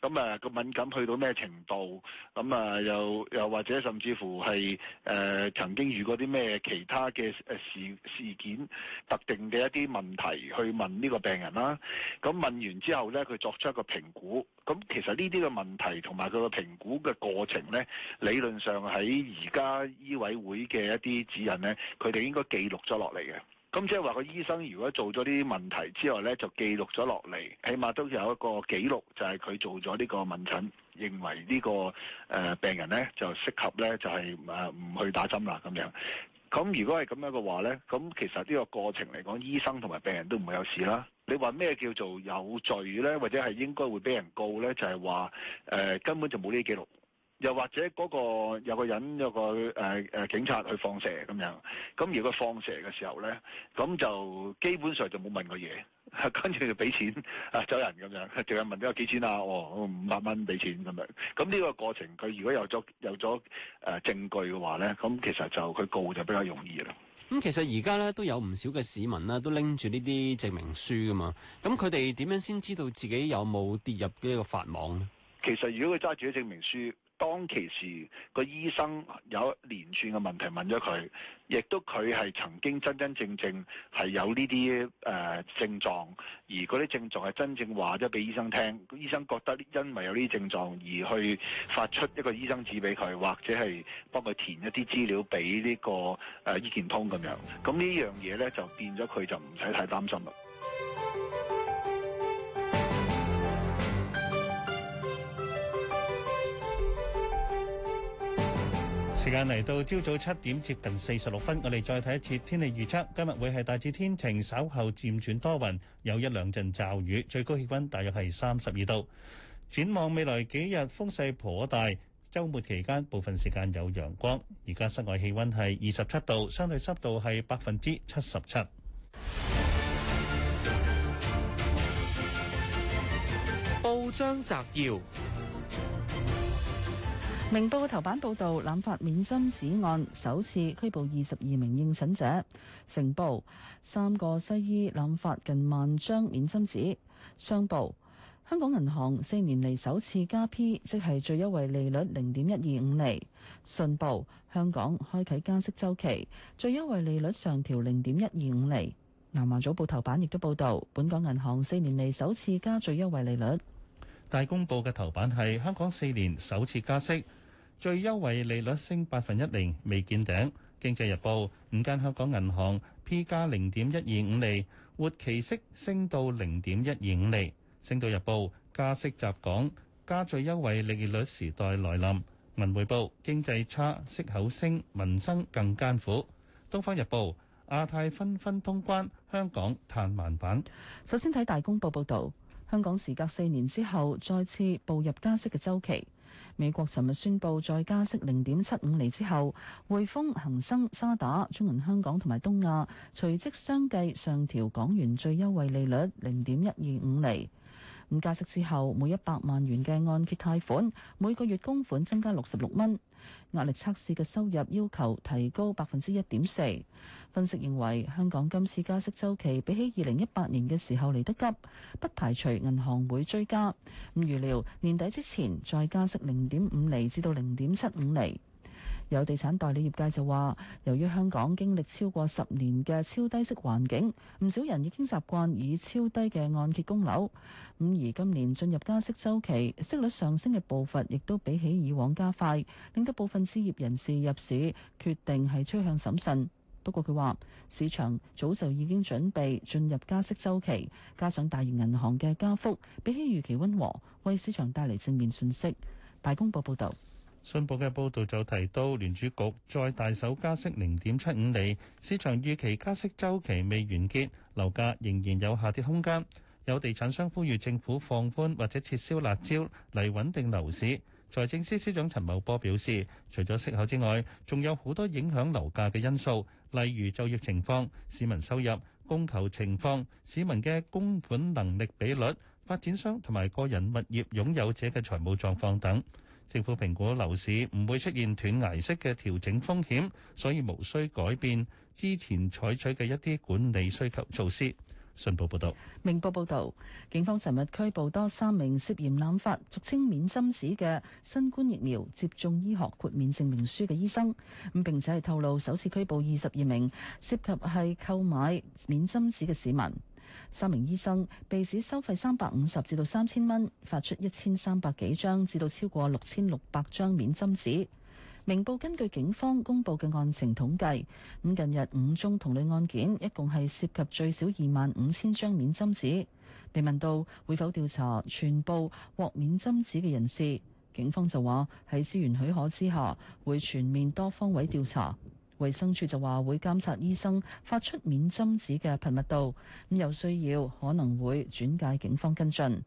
咁、嗯、啊個敏感去到咩程度，咁、嗯、啊又又或者甚至乎係誒、呃、曾經遇過啲咩其他嘅誒事事件特定嘅一啲問題去問呢個病人啦、啊。咁、嗯、問完之後咧，佢作出一個評估。咁、嗯、其實呢啲嘅問題同埋佢個評估嘅過程咧，理論上喺而家醫委會嘅一啲指引。咧，佢哋應該記錄咗落嚟嘅。咁即係話個醫生如果做咗啲問題之外咧，就記錄咗落嚟，起碼都有一個記錄，就係、是、佢做咗呢個問診，認為呢、這個誒、呃、病人咧就適合咧，就係誒唔去打針啦咁樣。咁如果係咁樣嘅話咧，咁其實呢個過程嚟講，醫生同埋病人都唔會有事啦。你話咩叫做有罪咧，或者係應該會俾人告咧？就係話誒根本就冇呢啲記錄。又或者嗰、那個有個人有個誒誒、呃、警察去放蛇咁樣，咁如果放蛇嘅時候咧，咁就基本上就冇問過嘢，跟住就俾錢啊走人咁樣，仲有問咗幾錢啊？哦，五百蚊俾錢咁樣。咁呢個過程，佢如果有咗有咗誒、呃、證據嘅話咧，咁其實就佢告就比較容易啦。咁、嗯、其實而家咧都有唔少嘅市民咧都拎住呢啲證明書噶嘛，咁佢哋點樣先知道自己有冇跌入呢個法網咧？其實如果佢揸住啲證明書。當其時，個醫生有一連串嘅問題問咗佢，亦都佢係曾經真真正正係有呢啲誒症狀，而嗰啲症狀係真正話咗俾醫生聽，醫生覺得因為有呢啲症狀而去發出一個醫生紙俾佢，或者係幫佢填一啲資料俾呢個誒醫健通咁樣，咁呢樣嘢呢，就變咗佢就唔使太擔心啦。時間嚟到朝早七點接近四十六分，我哋再睇一次天氣預測。今日會係大致天晴，稍後漸轉多雲，有一兩陣驟雨。最高氣溫大約係三十二度。展望未來幾日風勢頗大，周末期間部分時間有陽光。而家室外氣溫係二十七度，相對濕度係百分之七十七。報章摘要。明報頭版報導，濫發免針紙案首次拘捕二十二名應診者。成報，三個西醫濫發近萬張免針紙。商報，香港銀行四年嚟首次加 P，即係最優惠利率零點一二五厘。信報，香港開啓加息週期，最優惠利率上調零點一二五厘。南華早報頭版亦都報導，本港銀行四年嚟首次加最優惠利率。大公報嘅頭版係香港四年首次加息，最優惠利率升八分一厘，未見頂。經濟日報五間香港銀行 P 加零點一二五釐，活期息升到零點一二五釐。星島日報加息襲港，加最優惠利率時代來臨。文匯報經濟差，息口升，民生更艱苦。東方日報亞太紛紛通關，香港嘆慢板。首先睇大公報報導。香港時隔四年之後，再次步入加息嘅周期。美國尋日宣布再加息零點七五厘之後，匯豐、恒生、渣打、中銀香港同埋東亞隨即相繼上調港元最優惠利率零點一二五厘。咁加息之後，每一百萬元嘅按揭貸款，每個月供款增加六十六蚊。壓力測試嘅收入要求提高百分之一點四。分析認為，香港今次加息周期比起二零一八年嘅時候嚟得急，不排除銀行會追加。咁預料年底之前再加息零點五厘至到零點七五厘。有地產代理業界就話，由於香港經歷超過十年嘅超低息環境，唔少人已經習慣以超低嘅按揭供樓。咁而今年進入加息週期，息率上升嘅步伐亦都比起以往加快，令到部分置業人士入市決定係趨向審慎。不過佢話，市場早就已經準備進入加息周期，加上大型銀行嘅加幅比起預期溫和，為市場帶嚟正面信息。大公報報道。信報嘅報道就提到，聯儲局再大手加息零點七五厘，市場預期加息周期未完結，樓價仍然有下跌空間，有地產商呼籲政府放寬或者撤銷辣招嚟穩定樓市。財政司司長陳茂波表示，除咗息口之外，仲有好多影響樓價嘅因素，例如就業情況、市民收入、供求情況、市民嘅供款能力比率、發展商同埋個人物業擁有者嘅財務狀況等。政府評估樓市唔會出現斷崖式嘅調整風險，所以無需改變之前採取嘅一啲管理需求措施。信報報道，明報報道，警方尋日拘捕多三名涉嫌濫發俗稱免針紙嘅新冠疫苗接種醫學豁免證明書嘅醫生，咁並且係透露首次拘捕二十二名涉及係購買免針紙嘅市民，三名醫生被指收費三百五十至到三千蚊，發出一千三百幾張至到超過六千六百張免針紙。明報根據警方公佈嘅案情統計，咁近日五宗同類案件，一共係涉及最少二萬五千張免針紙。被問到會否調查全部獲免針紙嘅人士，警方就話喺資源許可之下，會全面多方位調查。衛生署就話會監察醫生發出免針紙嘅頻密度，咁有需要可能會轉介警方跟進。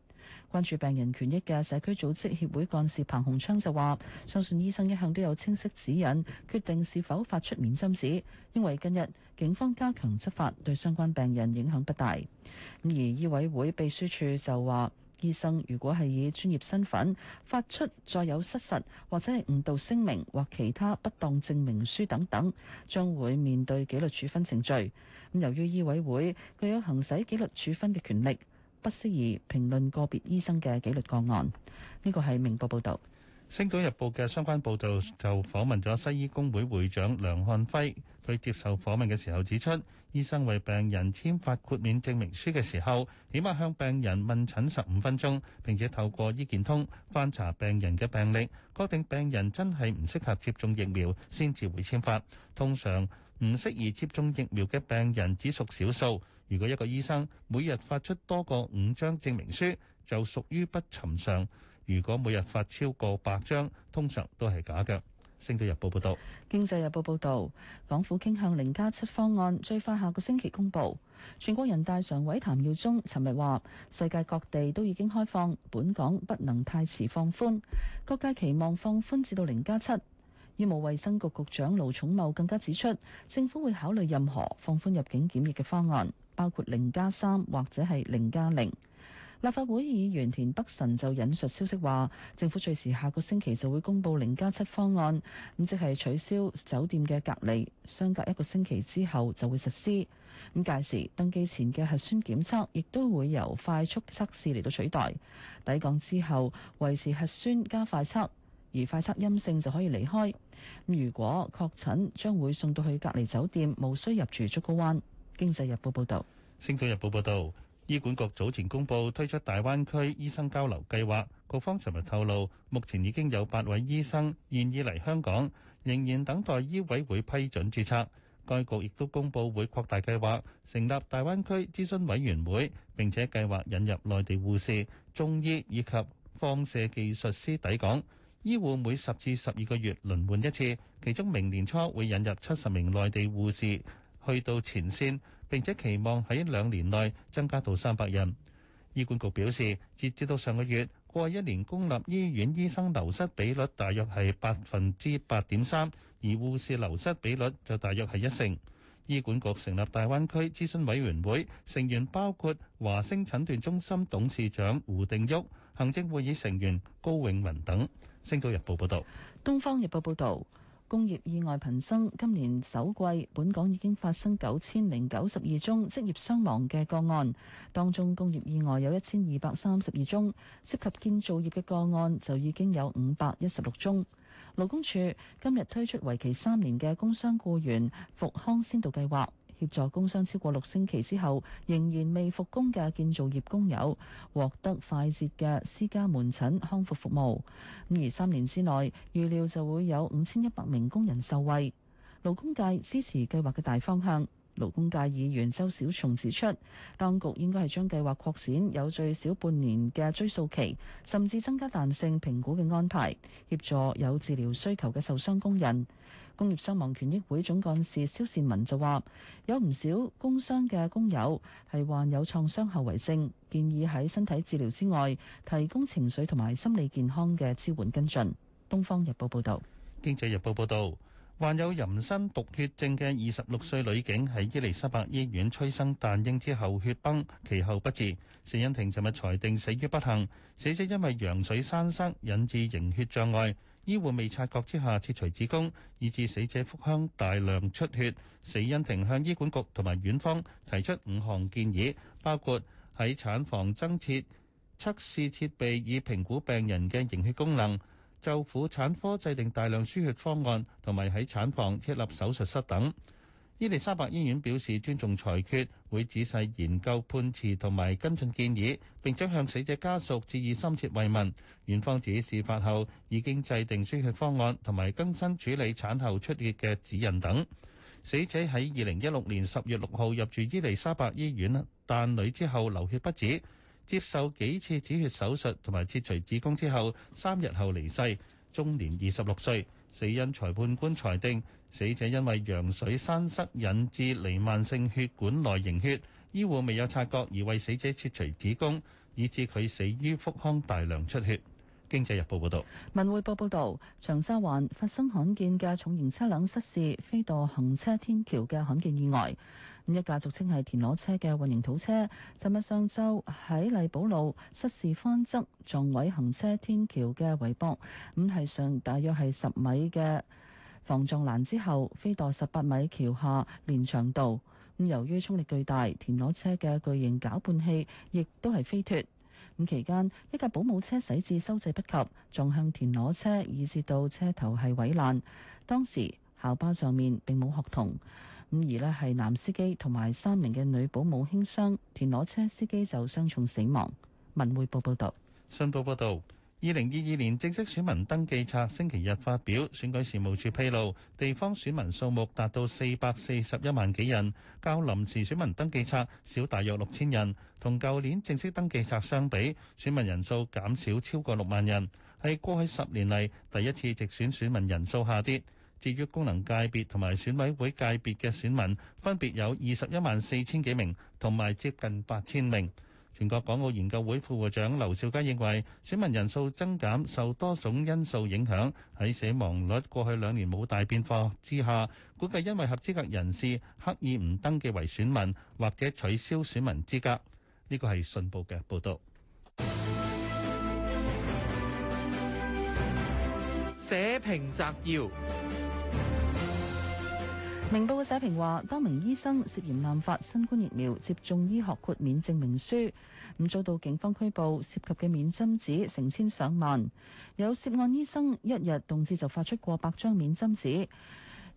關注病人權益嘅社區組織協會幹事彭洪昌就話：相信醫生一向都有清晰指引，決定是否發出免針紙。因為近日警方加強執法，對相關病人影響不大。咁而醫委會秘書處就話：醫生如果係以專業身份發出載有失實或者係誤導聲明或其他不當證明書等等，將會面對紀律處分程序。咁由於醫委會具有行使紀律處分嘅權力。不適宜評論個別醫生嘅紀律個案。呢個係明報報導。星島日報嘅相關報導就訪問咗西醫工會會長梁漢輝。佢接受訪問嘅時候指出，醫生為病人簽發豁免證明書嘅時候，起碼向病人問診十五分鐘，並且透過醫健通翻查病人嘅病歷，確定病人真係唔適合接種疫苗先至會簽發。通常唔適宜接種疫苗嘅病人只屬少數。如果一個醫生每日發出多過五張證明書，就屬於不尋常；如果每日發超過百張，通常都係假嘅。星島日報報導，經濟日報報導，港府傾向零加七方案，最快下個星期公布。全國人大常委譚耀宗尋日話：世界各地都已經開放，本港不能太遲放寬。各界期望放寬至到零加七。醫務衛生局局長盧寵茂更加指出，政府會考慮任何放寬入境檢疫嘅方案。包括零加三或者係零加零，立法會議員田北辰就引述消息話，政府最遲下個星期就會公布零加七方案，咁即係取消酒店嘅隔離，相隔一個星期之後就會實施。咁屆時登機前嘅核酸檢測亦都會由快速測試嚟到取代。抵港之後維持核酸加快測，而快測陰性就可以離開，如果確診將會送到去隔離酒店，無需入住竹篙灣。經濟日報報導，《星島日報》報導，醫管局早前公布推出大灣區醫生交流計劃，局方尋日透露，目前已經有八位醫生願意嚟香港，仍然等待醫委會批准註冊。該局亦都公佈會擴大計劃，成立大灣區諮詢委員會，並且計劃引入內地護士、中醫以及放射技術師抵港。醫護每十至十二個月輪換一次，其中明年初會引入七十名內地護士。去到前線，並且期望喺兩年內增加到三百人。醫管局表示，截至到上個月，過一年公立醫院醫生流失比率大約係百分之八點三，而護士流失比率就大約係一成。醫管局成立大灣區諮詢委員會成員包括華星診斷中心董事長胡定旭、行政會議成員高永文等。星島日報報道。東方日報報道。工業意外頻生，今年首季本港已經發生九千零九十二宗職業傷亡嘅個案，當中工業意外有一千二百三十二宗，涉及建造業嘅個案就已經有五百一十六宗。勞工處今日推出為期三年嘅工傷雇員復康先導計劃。協助工傷超過六星期之後仍然未復工嘅建造業工友獲得快捷嘅私家門診康復服務。咁而三年之內，預料就會有五千一百名工人受惠。勞工界支持計劃嘅大方向。勞工界議員周小松指出，當局應該係將計劃擴展有最少半年嘅追溯期，甚至增加彈性評估嘅安排，協助有治療需求嘅受傷工人。工業傷亡權益會總幹事蕭善文就話：有唔少工傷嘅工友係患有創傷後遺症，建議喺身體治療之外，提供情緒同埋心理健康嘅支援跟進。《東方日報》報道。《經濟日報》報道，患有妊娠毒血症嘅二十六歲女警喺伊利沙伯醫院催生誕嬰之後血崩，其後不治。死因庭尋日裁定死於不幸，死者因為羊水栓塞引致凝血障礙。醫護未察覺之下切除子宮，以致死者腹腔大量出血，死因庭向醫管局同埋院方提出五項建議，包括喺產房增設測試設備以評估病人嘅凝血功能、就婦產科制定大量輸血方案，同埋喺產房設立手術室等。伊莉莎白醫院表示尊重裁決，會仔細研究判詞同埋跟進建議，並將向死者家屬致以深切慰問。院方指事發後已經制定輸血方案同埋更新處理產後出血嘅指引等。死者喺二零一六年十月六號入住伊莉莎白醫院啦，誕女之後流血不止，接受幾次止血手術同埋切除子宮之後，三日後離世，終年二十六歲。死因裁判官裁定，死者因為羊水栓塞引致瀰漫性血管內凝血，醫護未有察覺而為死者切除子宮，以致佢死於腹腔大量出血。經濟日報報道，文匯報報道長沙灣發生罕見嘅重型車輛失事，飛墮行車天橋嘅罕見意外。咁一架俗稱係田螺車嘅混凝土車，尋日上晝喺荔寶路失事翻側，撞毀行車天橋嘅圍樁，咁係上大約係十米嘅防撞欄之後，飛墮十八米橋下連翔道。咁由於衝力巨大，田螺車嘅巨型攪拌器亦都係飛脱。咁期間一架保姆車駛至收掣不及，撞向田螺車，以致到車頭係毀爛。當時校巴上面並冇學童。咁而呢，係男司機同埋三名嘅女保姆輕傷，田螺車司機就傷重死亡。文匯報報道，新報報道，二零二二年正式選民登記冊星期日發表，選舉事務處披露，地方選民數目達到四百四十一萬幾人，較臨時選民登記冊少大約六千人，同舊年正式登記冊相比，選民人數減少超過六萬人，係過去十年嚟第一次直選選民人數下跌。至於功能界別同埋選委會界別嘅選民分別有二十一萬四千幾名同埋接近八千名。全國港澳研究會副會長劉兆佳認為，選民人數增減受多種因素影響，喺死亡率過去兩年冇大變化之下，估計因為合資格人士刻意唔登記為選民或者取消選民資格。呢個係信報嘅報導。社評摘要：明報嘅社評話，多名醫生涉嫌濫發新冠疫苗接種醫學豁免證明書，咁遭到警方拘捕，涉及嘅免針紙成千上萬，有涉案醫生一日動輒就發出過百張免針紙。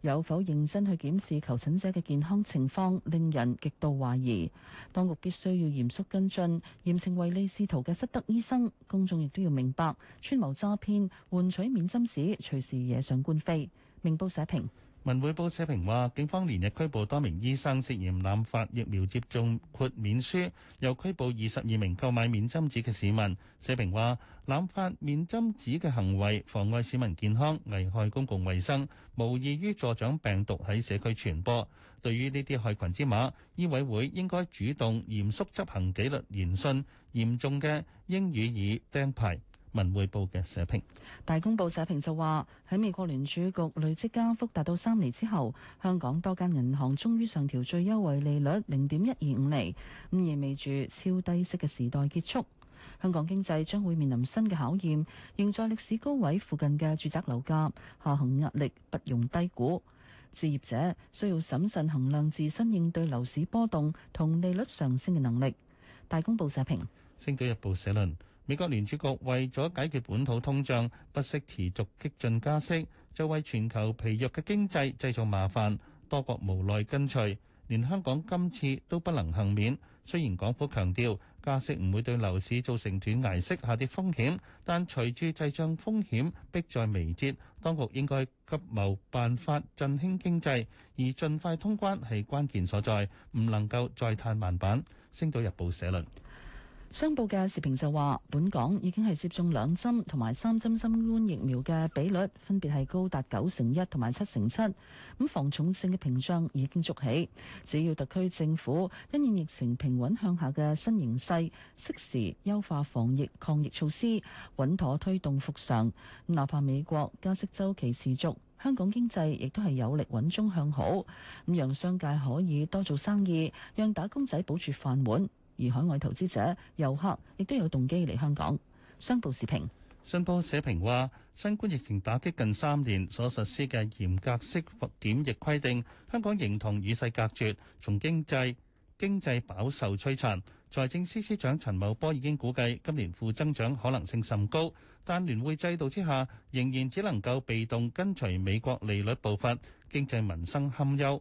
有否認真去檢視求診者嘅健康情況，令人極度懷疑。當局必須要嚴肅跟進，嚴懲為利是圖嘅失德醫生。公眾亦都要明白，串謀詐騙換取免針紙，隨時惹上官非。明報社評。文匯報社評話，警方連日拘捕多名醫生涉嫌濫發疫苗接種豁免書，又拘捕二十二名購買免針紙嘅市民。社評話，濫發免針紙嘅行為妨礙市民健康，危害公共衛生，無異於助長病毒喺社區傳播。對於呢啲害群之馬，醫委會應該主動嚴肅執行紀律聆訊，嚴重嘅應予以釘牌。文匯報嘅社評。大公報社評就話喺美國聯儲局累積加幅達到三厘之後，香港多間銀行終於上調最優惠利率零點一二五厘，咁意味住超低息嘅時代結束，香港經濟將會面臨新嘅考驗，仍在歷史高位附近嘅住宅樓價下行壓力不容低估，置業者需要審慎衡量自身應對樓市波動同利率上升嘅能力。大公報社評。星島日報社論。美國聯儲局為咗解決本土通脹，不惜持續激進加息，就為全球疲弱嘅經濟製造麻煩。多國無奈跟隨，連香港今次都不能幸免。雖然港府強調加息唔會對樓市造成斷崖式下跌風險，但隨住滯脹風險迫在眉睫，當局應該急謀辦法振興經濟，而盡快通關係關鍵所在，唔能夠再嘆慢板。星島日報社論。商報嘅時評就話：本港已經係接種兩針同埋三針新冠疫苗嘅比率分別係高達九成一同埋七成七，咁防重症嘅屏障已經築起。只要特區政府因應疫情平穩向下嘅新形勢，適時優化防疫抗疫措施，穩妥推動復常。哪怕美國加息周期持續，香港經濟亦都係有力穩中向好，咁讓商界可以多做生意，讓打工仔保住飯碗。而海外投資者、遊客亦都有動機嚟香港。商報時評，商報社評話：新冠疫情打擊近三年所實施嘅嚴格式檢疫規定，香港形同與世隔絕，從經濟經濟飽受摧殘。財政司司長陳茂波已經估計今年負增長可能性甚高，但聯匯制度之下，仍然只能夠被動跟隨美國利率步伐，經濟民生堪憂。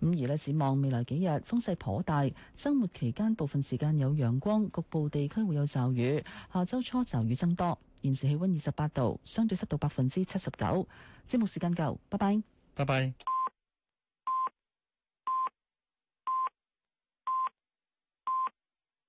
咁而呢，展望未來幾日風勢頗大，周末期間部分時間有陽光，局部地區會有驟雨，下周初驟雨增多。現時氣温二十八度，相對濕度百分之七十九。節目時間夠，拜拜。拜拜。